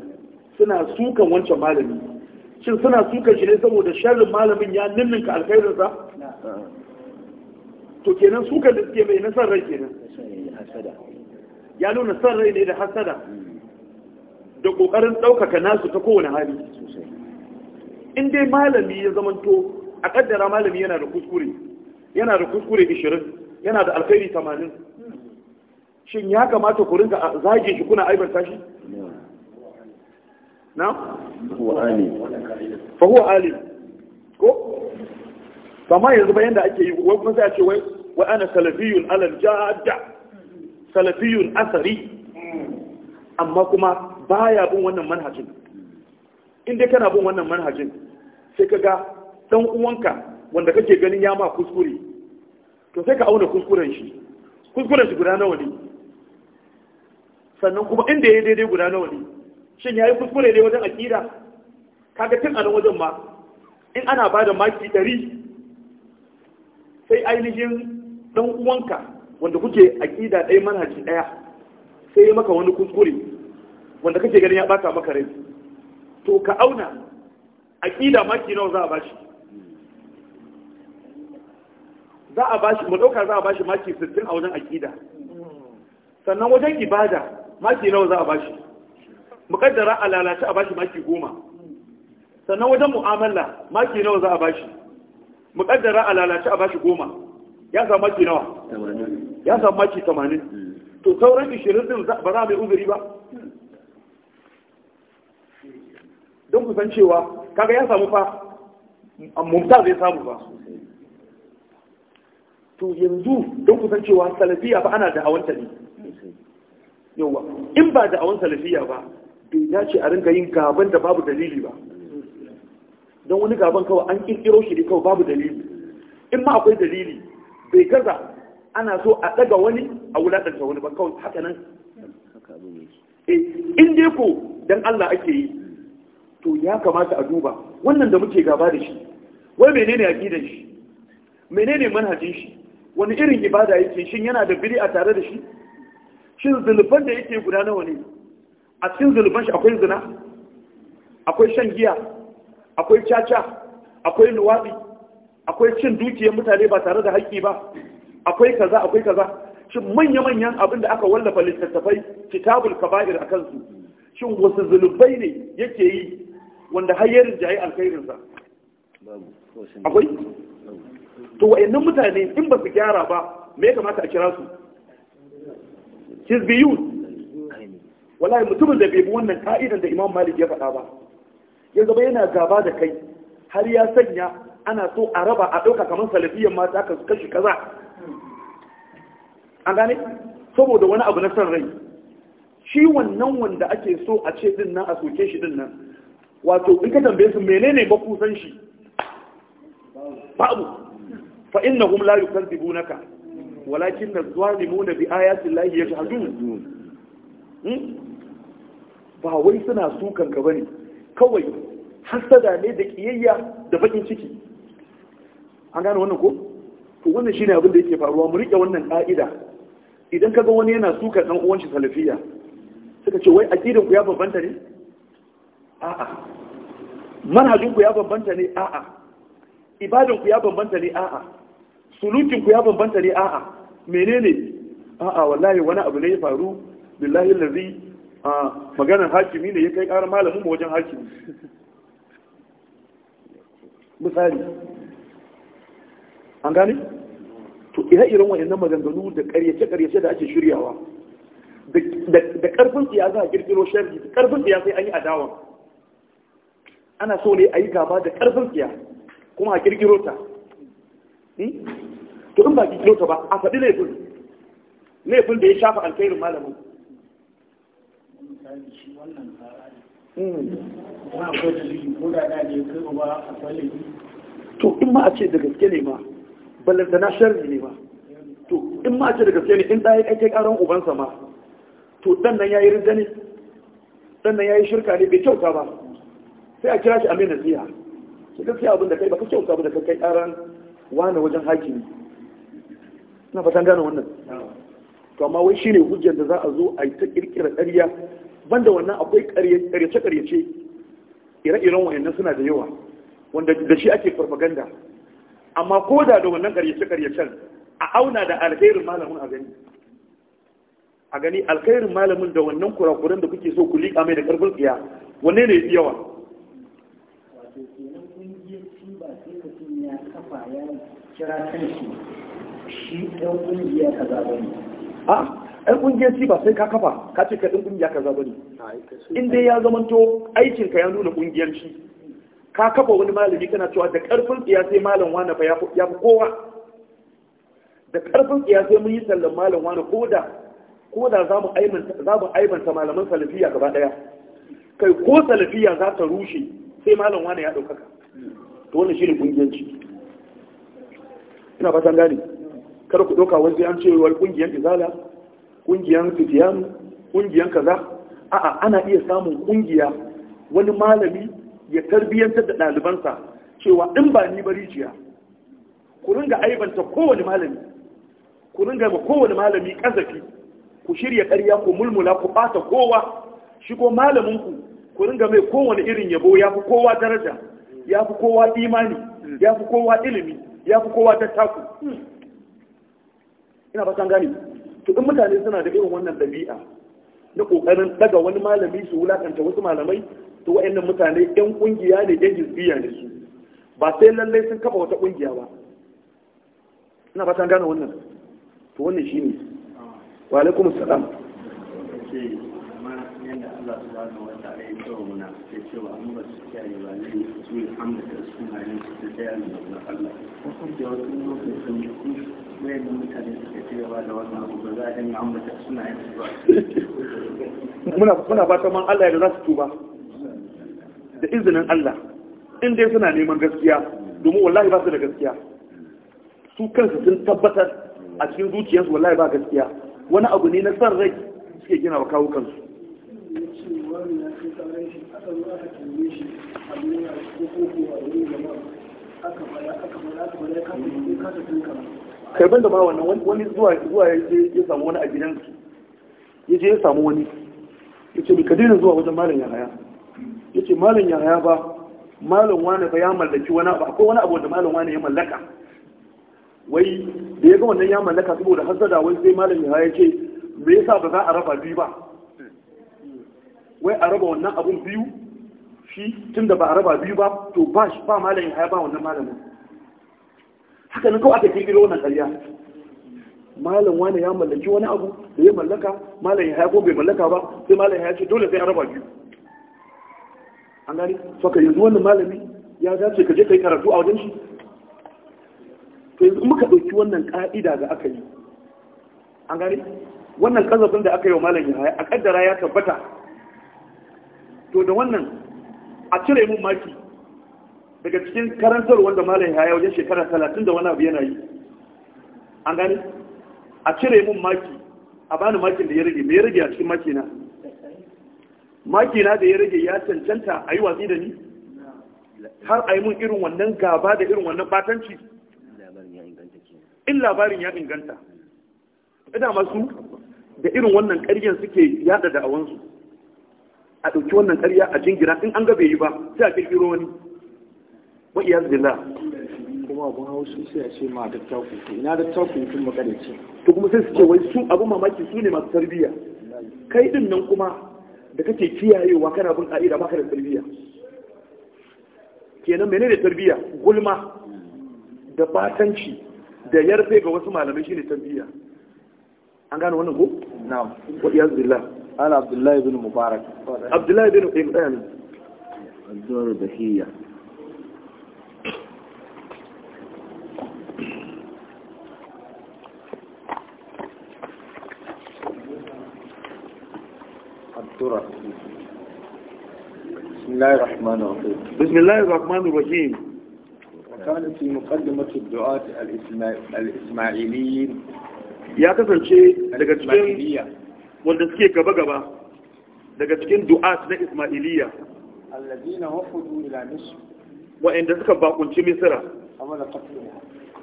suna sukan wancan malami shin suna suka shi ne saboda sharrin malamin ya ninninka alkhairinsa to kenan suka da suke mai na san rai kenan ya nuna san rai ne da hasada hmm. da kokarin ɗaukaka nasu ta kowane hali in dai malami ya zamanto a kaddara malami yana da kuskure yana da kuskure 20 yana da alkhairi 80 hmm. shin ya kamata ku rinka zage shi kuna aibarta shi na? fahuwa alim ko? sama yanzu bayan da ake yi wai kuma sai a ce wai wai ana salafiyun alal jada salafiyun asari amma kuma baya bin wannan manhajin dai kana bin wannan manhajin sai ka ga dan uwanka wanda kake ganin ya ma kuskure to sai ka auna kuskuren shi kuskuren shi guda nawa ne sannan kuma inda ya daidai guda nawa ne shin ya yi kuskure ne wajen akida kaga tun anan wajen ma in ana ba da maki ɗari sai ainihin ɗan uwanka wanda kuke akida ɗaya manhaji ɗaya sai ya maka wani kuskure wanda kake ganin ya ɓata maka rai to ka auna akida maki nawa za a bashi za a bashi mu maɗauka za a bashi maki 60 a wajen akida sannan wajen ibada maki nawa za a bashi mukaddara a lalace a bashi maki goma sannan wajen mu'amala maki nawa za a bashi mukaddara a lalace a bashi goma ya samu maki nawa ya samu maki tamanin hmm. to sauran ishirin din ba za a mai uzuri ba don kusan cewa kaga ya samu fa mumta zai samu ba to yanzu don kusan cewa salafiya ba ana da'awanta ne yauwa in ba da'awan salafiya ba bai dace a rinka yin gaban da babu dalili ba don wani gaban kawai an kirkiro shi ne kawai babu dalili in ma akwai dalili bai gaza ana so a daga wani a wulaɗanta wani ba kawai haka nan eh, in dai ko don Allah ake yi to ya kamata a duba wannan da muke gaba da shi wai menene gidan shi menene manhajin shi wani irin ibada yake shin yana da biri a tare da shi shin zulfan da yake guda nawa ne a cikin zunuban shi akwai zina akwai shan giya akwai caca akwai luwaɗi akwai cin dukiyar mutane ba tare da haƙƙi ba akwai kaza akwai kaza shin manya-manyan abin da aka wallafa littattafai kitabul kaba'ir a kansu shi wasu zunubai ne yake yi wanda har jayi alkhairinsa akwai to wa'annan mutane in ba su gyara ba me ya kamata a kira su hizbiyun wallahi mutumin da bai bi wannan ka'idan da imam malik ya faɗa ba ya zama yana gaba da kai har ya sanya ana so a raba a ɗauka kamar salafiyan mata ka kashi kaza an gane saboda wani abu na son rai shi wannan wanda ake so a ce din nan a soke shi din nan wato in ka tambaye su menene ba san shi babu fa innahum la yukadzibunaka walakin az-zalimuna bi ayati llahi yajhadun hmm? ba wai suna sukan ka bane kawai hasada ne da kiyayya da bakin ciki an gane wannan ko to wannan shine abin da yake faruwa mu rike wannan ka'ida idan kaga wani yana sukan dan uwan shi salafiya suka ce wai aqidan ku ya bambanta ne a'a manhajin ku ya bambanta ne a'a ibadan ku ya bambanta ne a'a sulukin ku ya bambanta ne a'a menene a'a wallahi wani abu ne ya faru billahi lazi a maganar hakimi ne ya kai ƙarar malamin mu wajen hakimi misali an gani to ire irin wayannan maganganu da ƙaryace ƙaryace da ake shiryawa da ƙarfin tsiya za a kirkiro sharri da ƙarfin tsiya sai an yi adawa ana so ne a yi gaba da ƙarfin tsiya kuma a kirkiro ta hmm? to in ba kirkiro ta ba a faɗi laifin laifin da ya shafa alkhairin malamin misali shi wannan tsara hmm. ba akwai dalili ko da da ne kai ba akwai dalili to in ma a ce da gaske ne ma ballanta na sharri ne ma to in ma a ce da gaske ne in ɗaya kai kai ƙaran ubansa ma to ɗan nan ya yi rinda ne ɗan nan ya yi shirka ne bai kyauta ba sai a kira shi a mai nasiha ki gaskiya abin da kai ba ka kyauta ba da kai ƙaran wani wajen hakimi na fatan gane wannan to amma wai shine hujjar da za a zo a yi ta kirkira ƙarya banda wannan akwai ƙaryace ƙaryace ire-iren wayannan suna da yawa wanda da shi ake farfaganda amma ko da da wannan ƙaryace ƙaryacen a auna da alkhairin malamin a gani a gani alkhairin malamin da wannan kurakuran da kuke so ku liƙa mai da ƙarfin tsiya wanne ne yawa kira kan shi shi ɗan ƙungiya kaza bane a ah, ɗan ƙungiyar ci ba sai ka kafa ka ce ka ɗin ƙungiya ka ba ne in dai ya to aikin ka ya nuna ƙungiyar shi ka kafa wani malami kana cewa da ƙarfin tsiya sai malam wani fa ya fi kowa da ƙarfin tsiya sai mun yi sallan malam wani ko da ko da za mu aibanta malaman salafiya gaba ɗaya kai ko salafiya za ta rushe sai malam wani ya ɗaukaka to wannan shi ne ƙungiyanci ina fatan gane kada ku ɗauka wanzu an ce wai ƙungiyar izala ƙungiyar fitiyan ƙungiyar kaza a'a ana iya samun ƙungiya wani malami ya tarbiyyantar da ɗalibansa cewa in ba ni barijiya ku ringa aibanta kowane malami ku ringa ma kowane malami ƙazafi ku shirya ƙarya ku mulmula ku ɓata kowa shi ko malaminku ku ringa mai kowane irin yabo ya fi kowa daraja ya fi kowa imani ya fi kowa ilimi ya fi kowa tattaku ina ba san gane to in mutane suna da irin wannan dabi'a na kokarin daga wani malami su wulakanta wasu malamai to wayannan mutane yan kungiya ne yan jizbiya ne su ba sai lallai sun kafa wata kungiya ba ina ba san gane wannan to wannan shine wa alaikum assalam muna ba suna man Allah ya da tuba da izinin Allah in dai suna neman gaskiya domin wallahi ba su da gaskiya su kansu sun tabbatar a cikin zuciyarsu wallahi ba gaskiya wani abu ne na san rai suke gina wa kawo kai da ba wannan wani zuwa zuwa ya samu wani a gidansu ya je ya samu wani ya ce ka daina zuwa wajen malam yahaya ya ce malam yahaya ba malam wani ba ya mallaki wani abu akwai wani abu da malam wani ya mallaka wai da ya ga wannan ya mallaka saboda hasada wai sai malam yahaya ce me yasa ba za a raba biyu ba wai a raba wannan abun biyu shi tun da ba a raba biyu ba to ba shi ba malamin haya ba wannan malamin haka nan kawai aka kirkiro wannan ƙarya malam wani ya mallaki wani abu da ya mallaka malamin ya haya ko bai mallaka ba sai malamin ya ce dole sai a raba biyu an gani saka yanzu wannan malami ya dace ka je yi karatu a wajen shi to yanzu muka ɗauki wannan ƙa'ida da aka yi an gani wannan kazafin da aka yi wa malamin ya haya a kaddara ya tabbata to da wannan a cire mun maki daga cikin karantar wanda malam ya wajen shekara talatin da wani abu yana yi an gani a cire mun maki a bani makin da ya rage mai rage a cikin makina makina da ya rage ya cancanta a yi watsi da ni har a yi mun irin wannan gaba da irin wannan batanci in labarin ya inganta ina masu da irin wannan ƙaryen suke yada da awansu a ɗauki wannan ƙarya a jingira in an ga bai yi ba sai a ƙirƙiro wani wa iyaz zila kuma abun hausu sai a ce ma da takuku ina da takuku tun makarici to kuma sai su ce wai su abun mamaki su ne masu tarbiyya kai din nan kuma da kake kiyayewa kana bin ba ka da tarbiyya kenan ne tarbiyya gulma da batanci da yarfe ga wasu malamai shine tarbiyya an gane wannan ko na'am wa iyaz zila أنا عبد الله بن مبارك عبد الله بن إمام الدور بهية الدرة بسم الله الرحمن الرحيم بسم الله الرحمن الرحيم وكانت في مقدمة الدعاة الإسماعيليين يا كفر شيء الإسماعيلية wanda suke gaba gaba daga cikin du'at na Ismailiyya alladina wafudu ila misr wa'anda suka bakunci Misra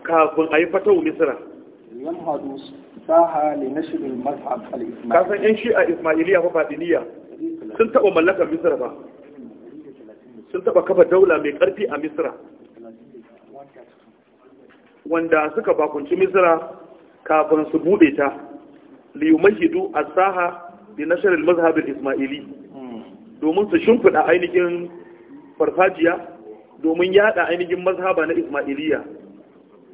kafin ayi fatawu Misra yamhadu saha li nashr al-mazhab al-ismaili kasan yan shi'a Ismailiyya fa fadiniya sun taba mallakar Misra ba sun taba kafa daula mai karfi a Misra wanda suka bakunci Misra kafin su bude ta liyumahidu asaha bi nashar al-mazhab al-isma'ili domin su shimfiɗa ainihin farfajiya domin yada ainihin mazhaba na isma'iliya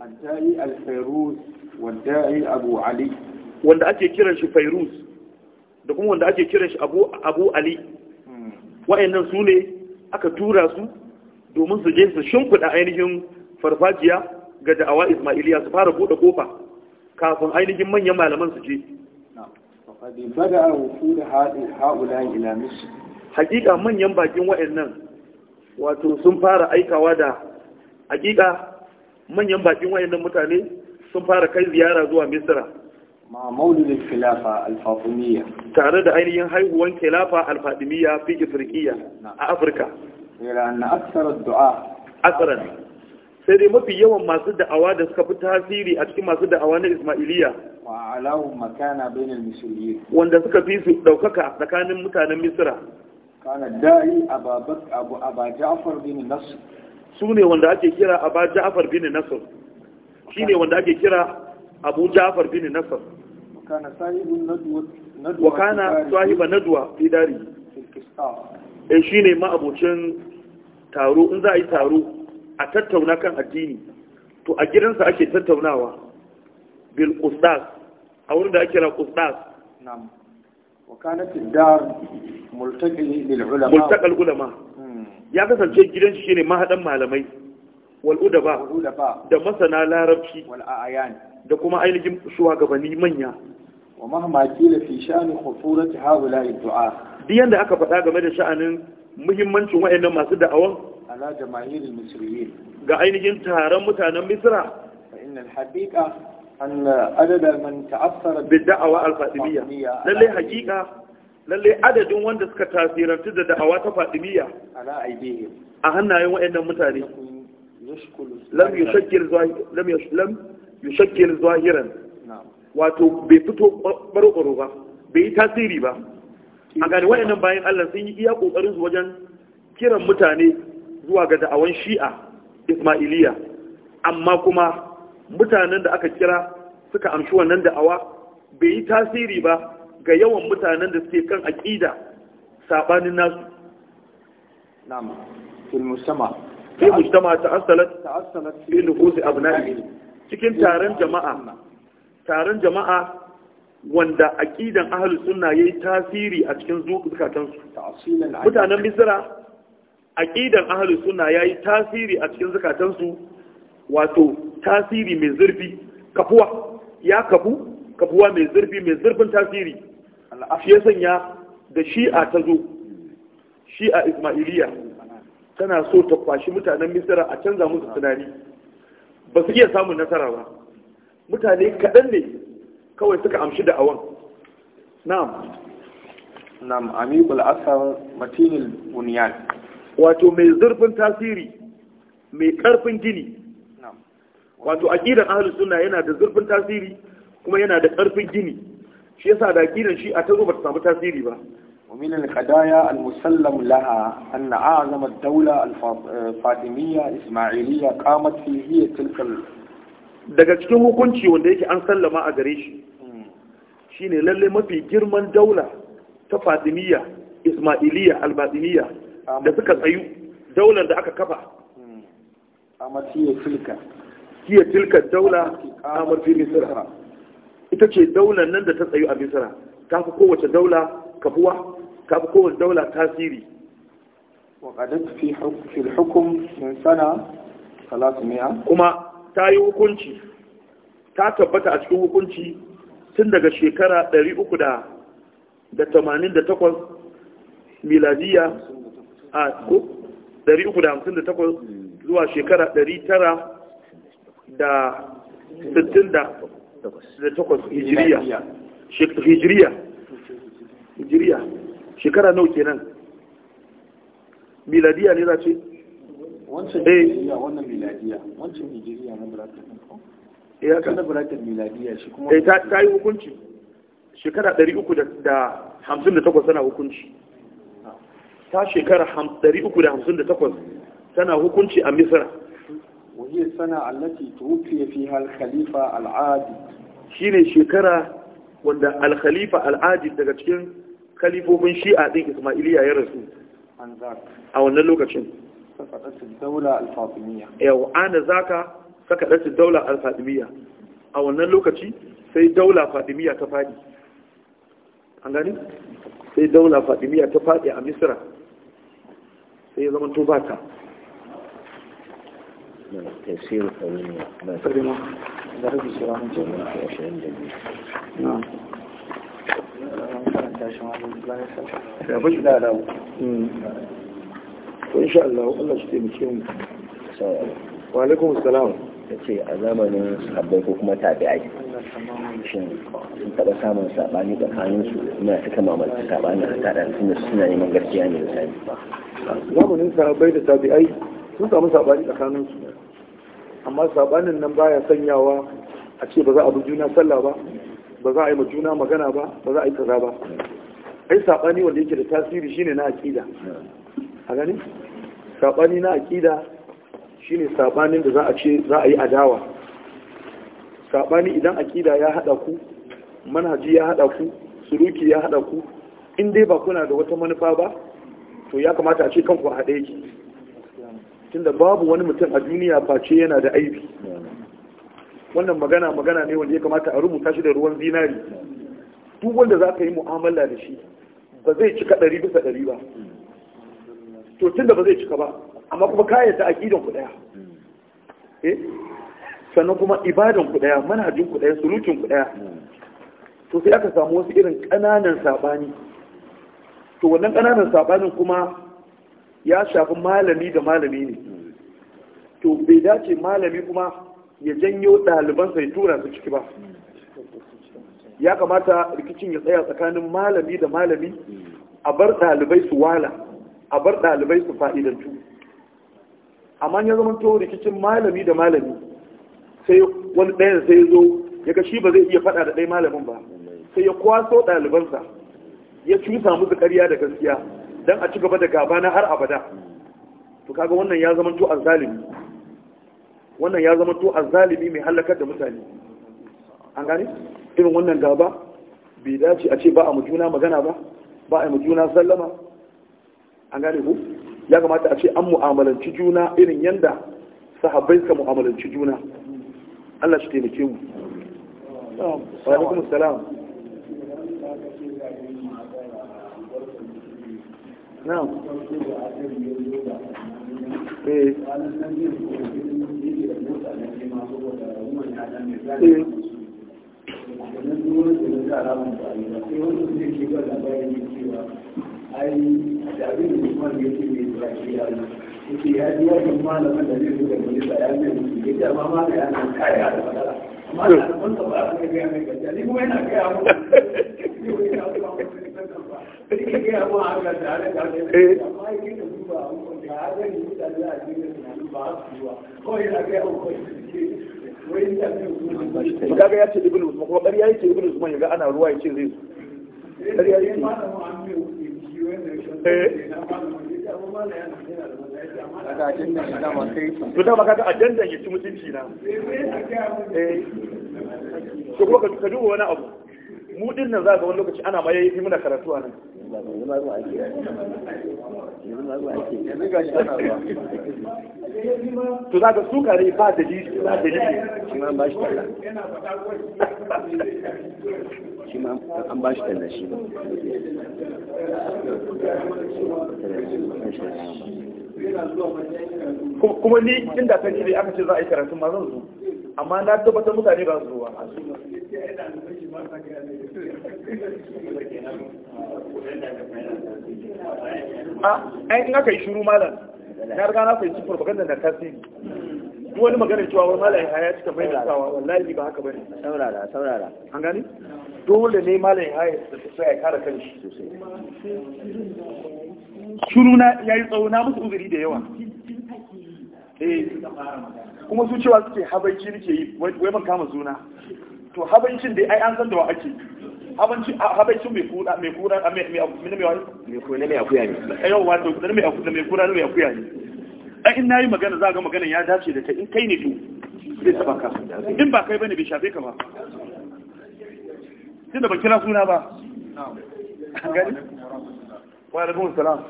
adda'i al-fayruz wadda'i abu ali wanda ake kiran shi fayruz da kuma wanda ake kiran shi abu abu ali wayannan su ne aka tura su domin su je su shimfiɗa ainihin farfajiya ga da'awa isma'iliya su fara bude kofa kafin ainihin manyan malaman su je bada a wufuda ila mishi hakika manyan bakin wa'annan wato sun fara aikawa da hakika manyan bakin wa'annan mutane sun fara kai ziyara zuwa Misira. ma maulidin khilafa alfatimiyya tare da ainihin haihuwan khilafa alfatimiyya fi afirkiya a afirka na aksara du'a asaran sai dai mafi yawan masu da'awa da suka fi tasiri a cikin masu da'awa na ismailiyya wanda suka fi su daukaka tsakanin mutanen misira su ne wanda ake kira abu ja'afar bin nasir shi ne wanda ake kira abu ja'afar bin nasir wa kana sahiba naduwa fi dari e shi ne ma'abocin taro in za a yi taro a tattauna kan addini to a gidansa ake tattaunawa bil kustas a wurin da ake na qusdas na'am wa kanat ad ulama hmm. ya kasance gidan shi ne mahadan malamai wal ba, da masana larabci da kuma ainihin gabani manya wa mahma kila fi sha'ni khufurati haula ad-du'a diyan da aka faɗa game da sha'anin muhimmancin wayannan masu da'awan ala jama'iril muslimin ga ainihin taron mutanen misra أن عدد من تأثر بالدعوة الفاطمية للي حقيقة للي عدد من دسك تأثيرا في الدعوة الفاطمية على أيديهم أهنا يوم إنهم متاري لم wato bai fito ɓarɓaro ba bai yi tasiri ba a gani waɗannan bayan Allah sun yi iya ƙoƙarin su wajen kiran mutane zuwa ga da'awan shi'a ismailiya amma kuma mutanen da aka kira suka amshi wannan da'awa bai yi tasiri ba ga yawan mutanen da suke kan aƙida saɓanin nasu na'am fil mustama fil mustama ta'assalat ta'assalat cikin taron jama'a taron jama'a wanda aƙidan suna sunna yayi tasiri a cikin zukatansu. su mutanen misra aƙidan suna sunna yayi tasiri a cikin zukatansu, wato tasiri mai zurfi kafuwa ya kafu kafuwa mai zurfi mai zurfin tasiri ya sanya da shi'a ta zo shi'a ismailiya tana so ta kwashi mutanen misira a canza musu tunani ba su iya samun nasara ba mutane kaɗan ne kawai suka amshi da awon na'am na'am amibul asar matinil bunyan wato mai zurfin tasiri mai ƙarfin gini wato aqidan ahlus sunna yana da zurfin tasiri kuma yana da karfin gini shi yasa da aqidan shi a tazo ba ta samu tasiri ba ومن القضايا المسلم لها أن أعظم الدولة الفاطمية إسماعيلية قامت فيه هي تلك daga cikin hukunci wanda yake an sallama a gare shi shine lalle mafi girman daula ta fatimiyya ismailiyya albatiniyya da suka tsayu daular da aka kafa hmm. a matiyar silka hiya tilka daula kamar fi misra ita ce daular nan da ta tsayu a misra ta fi kowace daula kafuwa ta fi kowace daula tasiri waƙadat fi hukum min sana salatumiya kuma ta yi hukunci ta tabbata a cikin hukunci tun daga shekara 388 miladiya a 358 zuwa shekara 900 da 68 hijiriya hijiriya hijiriya shekara nau kenan miladiya ne za ce wancan eh. hijiriya wannan miladiya wancan hijiriya na bracket ya kan na buratun miladiya shi kuma ya eh, ta yi hukunci shekara 358 sana hukunci ta shekara 358 sana hukunci a misira وهي السنة التي توفي فيها الخليفة العادي شيني شكرا وند الخليفة العادي daga cikin khalifofin Shi'a din Ismailiya ya rasu an zaka a wannan lokacin sakadatul daula al-fatimiyya yau ana zaka sakadatul daula al-fatimiyya a wannan lokaci sai daula fatimiyya ta faɗi. an gani sai daula fatimiyya ta fadi a Misra sai ya zama to baka تيسير قوي كلمة ذهب السلام جميعا نعم لا لا وإن شاء الله الله يشتمكم وعليكم السلام yace a zamanin sahabbai ko kuma tabi'ai shin sun taɓa samun saɓani tsakanin su na cika mamaki saɓani a tada suna suna neman gaskiya ne da sani zamanin sahabbai da tabi'ai sun samu saɓani tsakanin su amma sabanin nan baya sanyawa a ce ba za a bi juna sallah ba ba za a yi ma juna magana ba ba za a yi kaza ba ai sabani wanda yake da tasiri shine na aqida a gani sabani na aqida shine sabanin da za a ce za a yi adawa sabani idan aqida ya hada ku manhaji ya hada ku suruki ya hada ku in dai ba kuna da wata manufa ba to ya kamata a ce kanku a haɗe yake tunda babu wani mutum a duniya face yana da aibi wannan magana magana ne wanda ya kamata a rubuta shi da ruwan zinari duk wanda za ka yi mu'amala da shi ba zai cika ɗari bisa ɗari ba to tunda ba zai cika ba amma kuma kayan ta aƙidan ku ɗaya eh? sannan kuma ibadan ku ɗaya manhajin ku ɗaya sulukin ku ɗaya to sai aka samu wasu irin ƙananan saɓani to wannan ƙananan saɓanin kuma ya shafi malami da malami ne to bai dace malami kuma ya janyo ɗalibansa ya tura su ciki ba ya kamata rikicin ya tsaya tsakanin malami da malami a bar ɗalibai su wala a bar ɗalibai su fa'idantu amma ya zama to rikicin malami da malami sai wani ɗayan sai zo ya ga shi ba zai iya faɗa da ɗaya malamin ba sai ya kwaso ɗalibansa ya cusa musu ƙarya da gaskiya dan a ci gaba da gaba na har abada to kaga wannan ya zama to azzalimi wannan ya zama to azzalimi mai halakar da mutane an gane irin wannan gaba bai dace a ce ba a mujuna magana ba ba a mujuna sallama an gane ku ya kamata a ce an mu'amalanci juna irin yanda sahabbai suka mu'amalanci juna Allah shi taimake mu. Wa alaikum salam. na'am eh Amma da kuma yana gaya mu, yau yana kuma kaga ya ce ibn usman kuma ƙarya yake ibn usman yaga ana ruwa zai ƙarya yake dama kaga ajandan ya ci mutunci na eh to kuma ka duba wani abu mu din nan za ga wani lokaci ana ma yayi muna karatu a nan to za ga su kare ba da dalili ba dalili shi ma ba shi talla shi ma an ba shi talla shi ba kuma ni inda kan ne aka ce za a yi karatu ma zan zo amma na tabbatar mutane ba su ruwa a ah, ai in aka yi shuru malam na riga na fahimci farfaganda da tasiri duk wani magana cewa wani malam ya haya cika mai da sawa wallahi ba haka bane saurara saurara an gani dole ne malam haya da sai ya kara kan shi sosai shuru na ya yi tsawo na musu uzuri da yawa eh kuma su cewa suke habanci nake yi wai ban kama zuna. to habancin dai ai an san da wa ake habanci habancin mai kura mai kura mai mai wani mai kura mai akuya ne yawa to dan mai akuya mai mai akuya ne ai in nayi magana za ga maganar ya dace da ta, in kai ne to zai ka in ba kai bane bai shafe ka ba tunda ba kira suna ba wa alaikum salam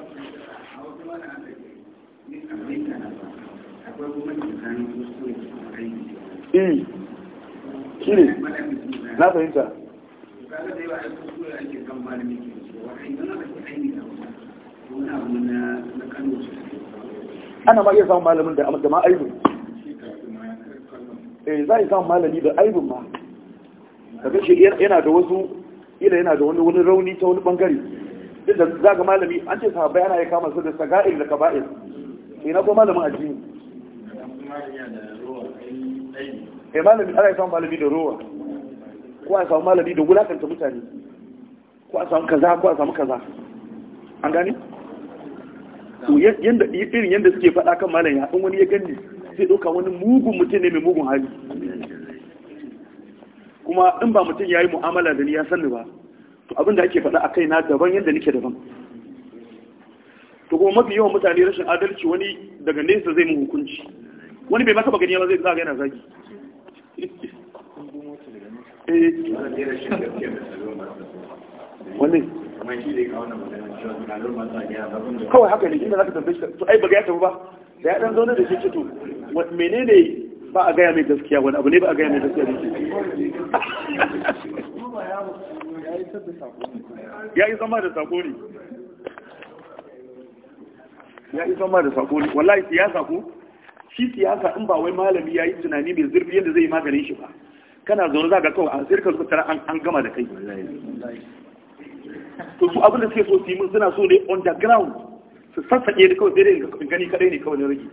eh shi ne na fahimta ana ma iya samun malamin da amma aibin eh za a yi samun malami da aibin ma daga shi yana da wasu ila yana da wani wani rauni ta wani bangare inda za ga malami an ce sahabai ana ya kama su da saga'il da kaba'ir ina ko malamin ajiyar eh malami ana samun malami da ruwa ko a samu malami da wulakanta mutane ko a samu kaza ko a samu kaza an gane yanda irin yanda suke faɗa kan malami, ya wani ya gani sai ɗauka wani mugun mutum ne mai mugun hali kuma in ba mutum ya yi mu'amala da ni ya sanni ba to abin da ake faɗa a kai na daban yadda nake daban to kuma mafi yawan mutane rashin adalci wani daga nesa zai mu hukunci wani bai masa bagani ba zai zaga yana zagi kawai haka ne inda za ka tambaye shi to ai ba ya tafi ba da ya dan zaune da shi ce to mene ne ba a gaya mai gaskiya wani abu ne ba a gaya mai gaskiya ne ya yi zama da sako ne ya yi zama da sako ne wallahi ya sako shi siyasa in ba wai malami ya yi tunani mai zurfi yadda zai maganin shi ba kana zaune za ka kawai a zirka zuwa tara an gama da kai to su abin da suke so su yi mun suna so ne on the ground su sassaƙe da kawai daidai gani kadai ne kawai na rage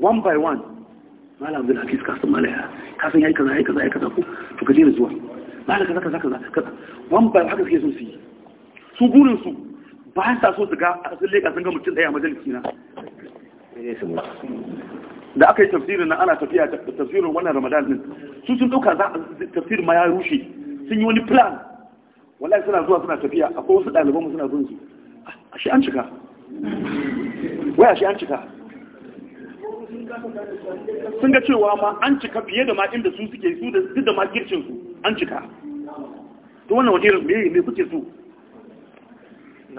one by one malam abdul hafiz ka san malaya ka san yayi kaza yayi kaza yayi kaza ko to ka daina zuwa malam kaza kaza kaza kaza one by haka suke so su yi su burin su ba sa so su ga sun ka sun ga mutum daya majalisi na da aka yi tafsirin nan ana tafiya tafsirin wannan ramadan din su sun dauka za tafsir ma ya rushe sun yi wani plan wallahi suna zuwa suna tafiya akwai wasu ɗaliban mu suna zuwa su a shi an cika Waya shi an cika sun ga cewa ma an cika fiye da ma inda su suke su da duk da ma gircin su an cika to wannan waje me ne kuke so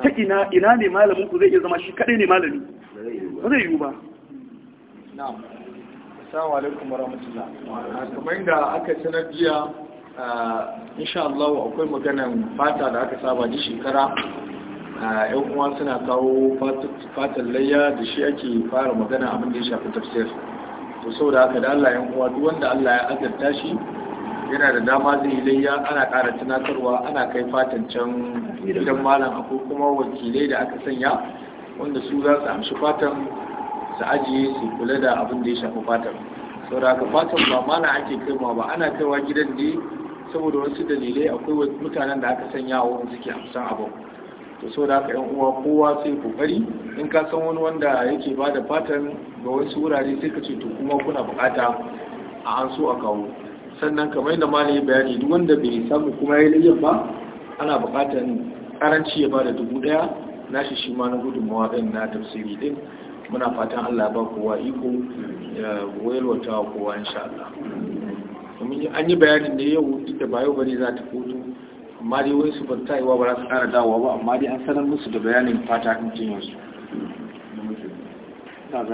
ta ina ina ne malamin ku zai iya zama shi kadai ne malami ba zai yiwu ba na'am assalamu alaikum warahmatullah kamar da aka sanar jiya eh, insha Allah akwai maganar fata da aka saba ji shekara eh, yan uwa suna kawo fatan layya da shi ake fara magana abin da ya shafi tafsir to da haka da Allah yan uwa duk wanda Allah ya azarta shi yana da dama zai yi layya ana ƙara tunatarwa ana kai fatan can gidan malam akwai kuma wakilai da aka sanya wanda su za su amshi fatan su ajiye su kula da abin da ya shafi fatan saboda haka fatan ba mana ake kaiwa ba ana kaiwa gidan ne saboda wasu dalilai akwai mutanen da aka sanya wa wani suke amsan abu to saboda haka yan uwa kowa sai kokari in ka san wani wanda yake ba da fatan ga wasu wurare sai ka ce to kuma kuna bukata a an so a kawo sannan kamar yadda ma yi bayani duk wanda bai samu kuma ya yi ba ana bukatan karanci ya ba da dubu daya nashi shi ma na gudunmawa ɗin na tafsiri ɗin muna fatan allah ba kowa iko ya wayarwata kowa insha allah an yi bayanin ne yau duk da ba za ta kotu amma dai wai su ban yi ba za su ƙara dawowa ba amma dai an sanar musu da bayanin fata kan jinyarsu ta